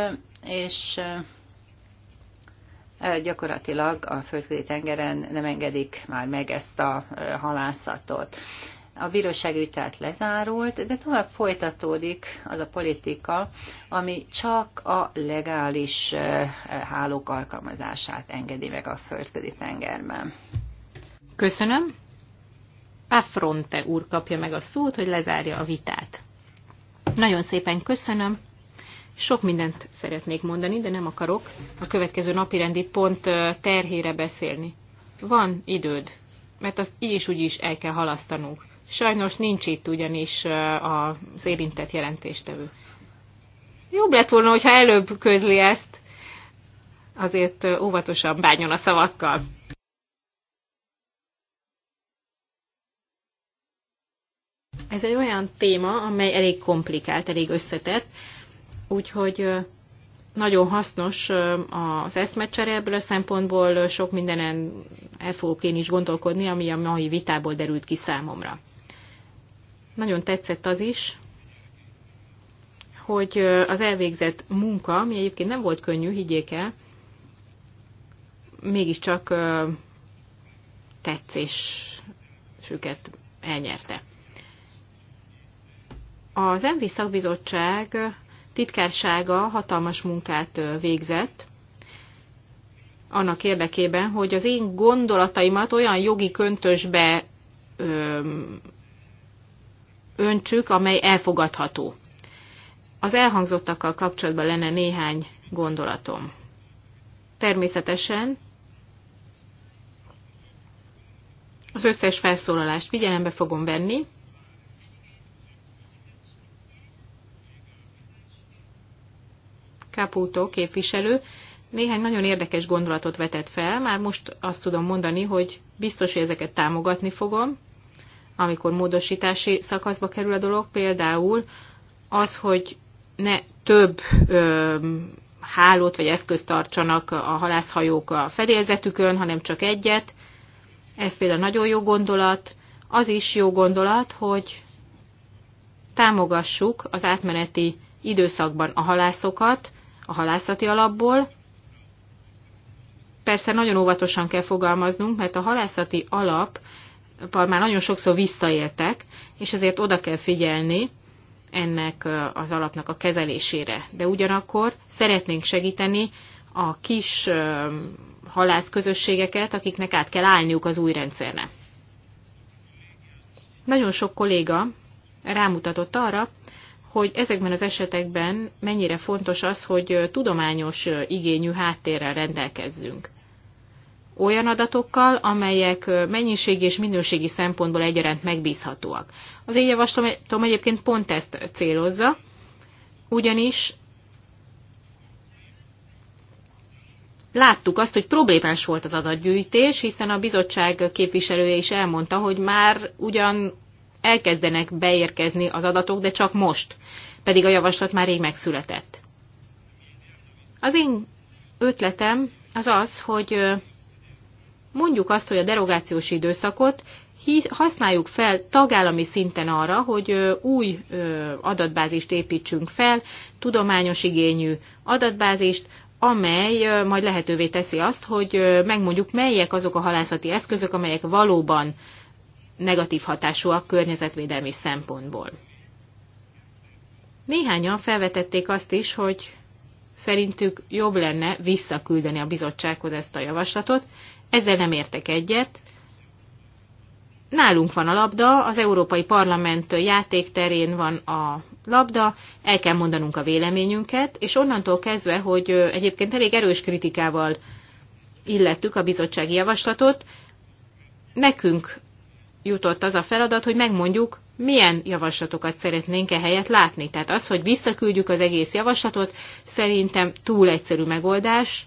és gyakorlatilag a földközi tengeren nem engedik már meg ezt a halászatot a bíróság vitát lezárult, de tovább folytatódik az a politika, ami csak a legális eh, hálók alkalmazását engedi meg a földközi tengerben. Köszönöm. Affronte úr kapja meg a szót, hogy lezárja a vitát. Nagyon szépen köszönöm. Sok mindent szeretnék mondani, de nem akarok a következő napirendi pont eh, terhére beszélni. Van időd, mert azt így is úgy is el kell halasztanunk. Sajnos nincs itt ugyanis az érintett jelentéstevő. Jobb lett volna, hogyha előbb közli ezt, azért óvatosan bánjon a szavakkal. Ez egy olyan téma, amely elég komplikált, elég összetett, úgyhogy nagyon hasznos az eszmecsere ebből a szempontból, sok mindenen el fogok én is gondolkodni, ami a mai vitából derült ki számomra. Nagyon tetszett az is, hogy az elvégzett munka, ami egyébként nem volt könnyű, higgyék el, mégiscsak tetszésüket elnyerte. Az MV szakbizottság titkársága hatalmas munkát végzett, annak érdekében, hogy az én gondolataimat olyan jogi köntösbe öntsük, amely elfogadható. Az elhangzottakkal kapcsolatban lenne néhány gondolatom. Természetesen az összes felszólalást figyelembe fogom venni, Caputo képviselő néhány nagyon érdekes gondolatot vetett fel, már most azt tudom mondani, hogy biztos, hogy ezeket támogatni fogom, amikor módosítási szakaszba kerül a dolog, például az, hogy ne több ö, hálót vagy eszközt tartsanak a halászhajók a fedélzetükön, hanem csak egyet. Ez például nagyon jó gondolat. Az is jó gondolat, hogy támogassuk az átmeneti időszakban a halászokat a halászati alapból. Persze nagyon óvatosan kell fogalmaznunk, mert a halászati alap már nagyon sokszor visszaéltek, és ezért oda kell figyelni ennek az alapnak a kezelésére. De ugyanakkor szeretnénk segíteni a kis halászközösségeket, akiknek át kell állniuk az új rendszerre. Nagyon sok kolléga rámutatott arra, hogy ezekben az esetekben mennyire fontos az, hogy tudományos igényű háttérrel rendelkezzünk olyan adatokkal, amelyek mennyiségi és minőségi szempontból egyaránt megbízhatóak. Az én javaslatom egyébként pont ezt célozza, ugyanis láttuk azt, hogy problémás volt az adatgyűjtés, hiszen a bizottság képviselője is elmondta, hogy már ugyan elkezdenek beérkezni az adatok, de csak most, pedig a javaslat már rég megszületett. Az én ötletem az az, hogy Mondjuk azt, hogy a derogációs időszakot használjuk fel tagállami szinten arra, hogy új adatbázist építsünk fel, tudományos igényű adatbázist, amely majd lehetővé teszi azt, hogy megmondjuk, melyek azok a halászati eszközök, amelyek valóban negatív hatásúak környezetvédelmi szempontból. Néhányan felvetették azt is, hogy szerintük jobb lenne visszaküldeni a bizottsághoz ezt a javaslatot, ezzel nem értek egyet. Nálunk van a labda, az Európai Parlament játékterén van a labda, el kell mondanunk a véleményünket, és onnantól kezdve, hogy egyébként elég erős kritikával illettük a bizottsági javaslatot, nekünk jutott az a feladat, hogy megmondjuk, milyen javaslatokat szeretnénk ehelyett látni. Tehát az, hogy visszaküldjük az egész javaslatot, szerintem túl egyszerű megoldás,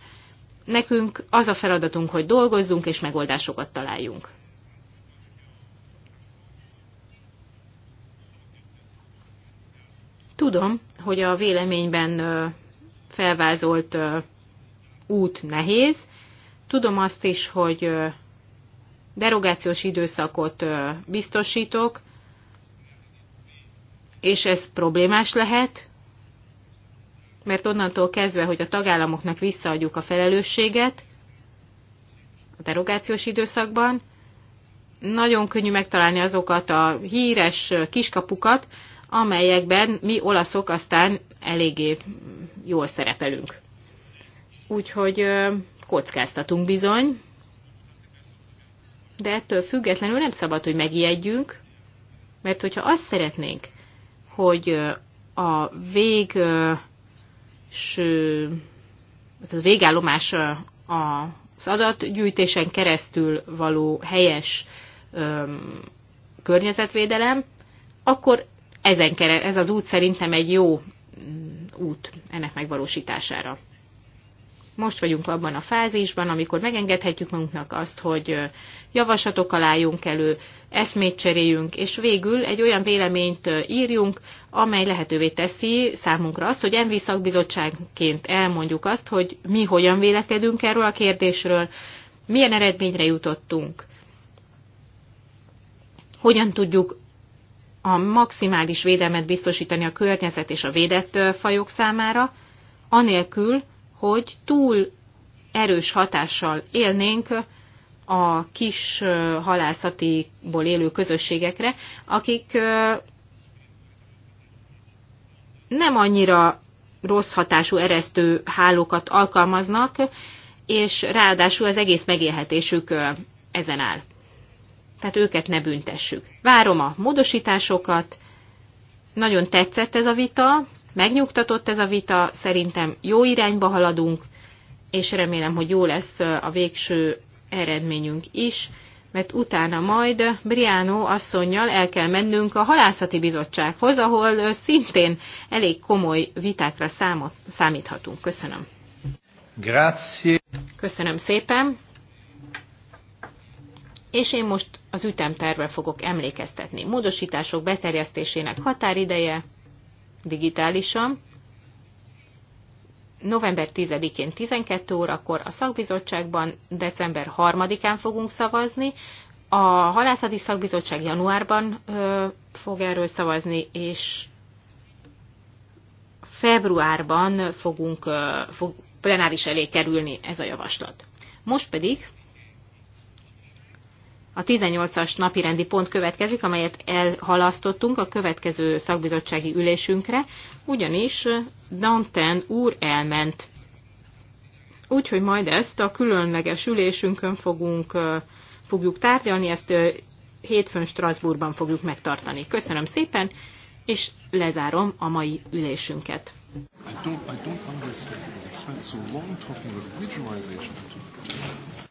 nekünk az a feladatunk, hogy dolgozzunk és megoldásokat találjunk. Tudom, hogy a véleményben felvázolt út nehéz. Tudom azt is, hogy derogációs időszakot biztosítok, és ez problémás lehet, mert onnantól kezdve, hogy a tagállamoknak visszaadjuk a felelősséget a derogációs időszakban, nagyon könnyű megtalálni azokat a híres kiskapukat, amelyekben mi olaszok aztán eléggé jól szerepelünk. Úgyhogy kockáztatunk bizony, de ettől függetlenül nem szabad, hogy megijedjünk, mert hogyha azt szeretnénk, hogy a vég és a végállomás az adatgyűjtésen keresztül való helyes környezetvédelem, akkor ezen keres, ez az út szerintem egy jó mm, út ennek megvalósítására most vagyunk abban a fázisban, amikor megengedhetjük magunknak azt, hogy javaslatokkal álljunk elő, eszmét cseréljünk, és végül egy olyan véleményt írjunk, amely lehetővé teszi számunkra azt, hogy ENVI szakbizottságként elmondjuk azt, hogy mi hogyan vélekedünk erről a kérdésről, milyen eredményre jutottunk, hogyan tudjuk a maximális védelmet biztosítani a környezet és a védett fajok számára, anélkül, hogy túl erős hatással élnénk a kis halászatiból élő közösségekre, akik nem annyira rossz hatású eresztő hálókat alkalmaznak, és ráadásul az egész megélhetésük ezen áll. Tehát őket ne büntessük. Várom a módosításokat, nagyon tetszett ez a vita, megnyugtatott ez a vita, szerintem jó irányba haladunk, és remélem, hogy jó lesz a végső eredményünk is, mert utána majd Briano asszonynal el kell mennünk a halászati bizottsághoz, ahol szintén elég komoly vitákra számot, számíthatunk. Köszönöm. Grazie. Köszönöm szépen. És én most az ütemterve fogok emlékeztetni. Módosítások beterjesztésének határideje digitálisan. November 10-én 12 órakor a szakbizottságban, december 3-án fogunk szavazni, a halászati szakbizottság januárban ö, fog erről szavazni, és februárban fogunk, ö, fog plenáris elé kerülni ez a javaslat. Most pedig a 18-as napirendi pont következik, amelyet elhalasztottunk a következő szakbizottsági ülésünkre, ugyanis Danten úr elment. Úgyhogy majd ezt a különleges ülésünkön fogunk, fogjuk tárgyalni, ezt hétfőn Strasbourgban fogjuk megtartani. Köszönöm szépen, és lezárom a mai ülésünket. I don't, I don't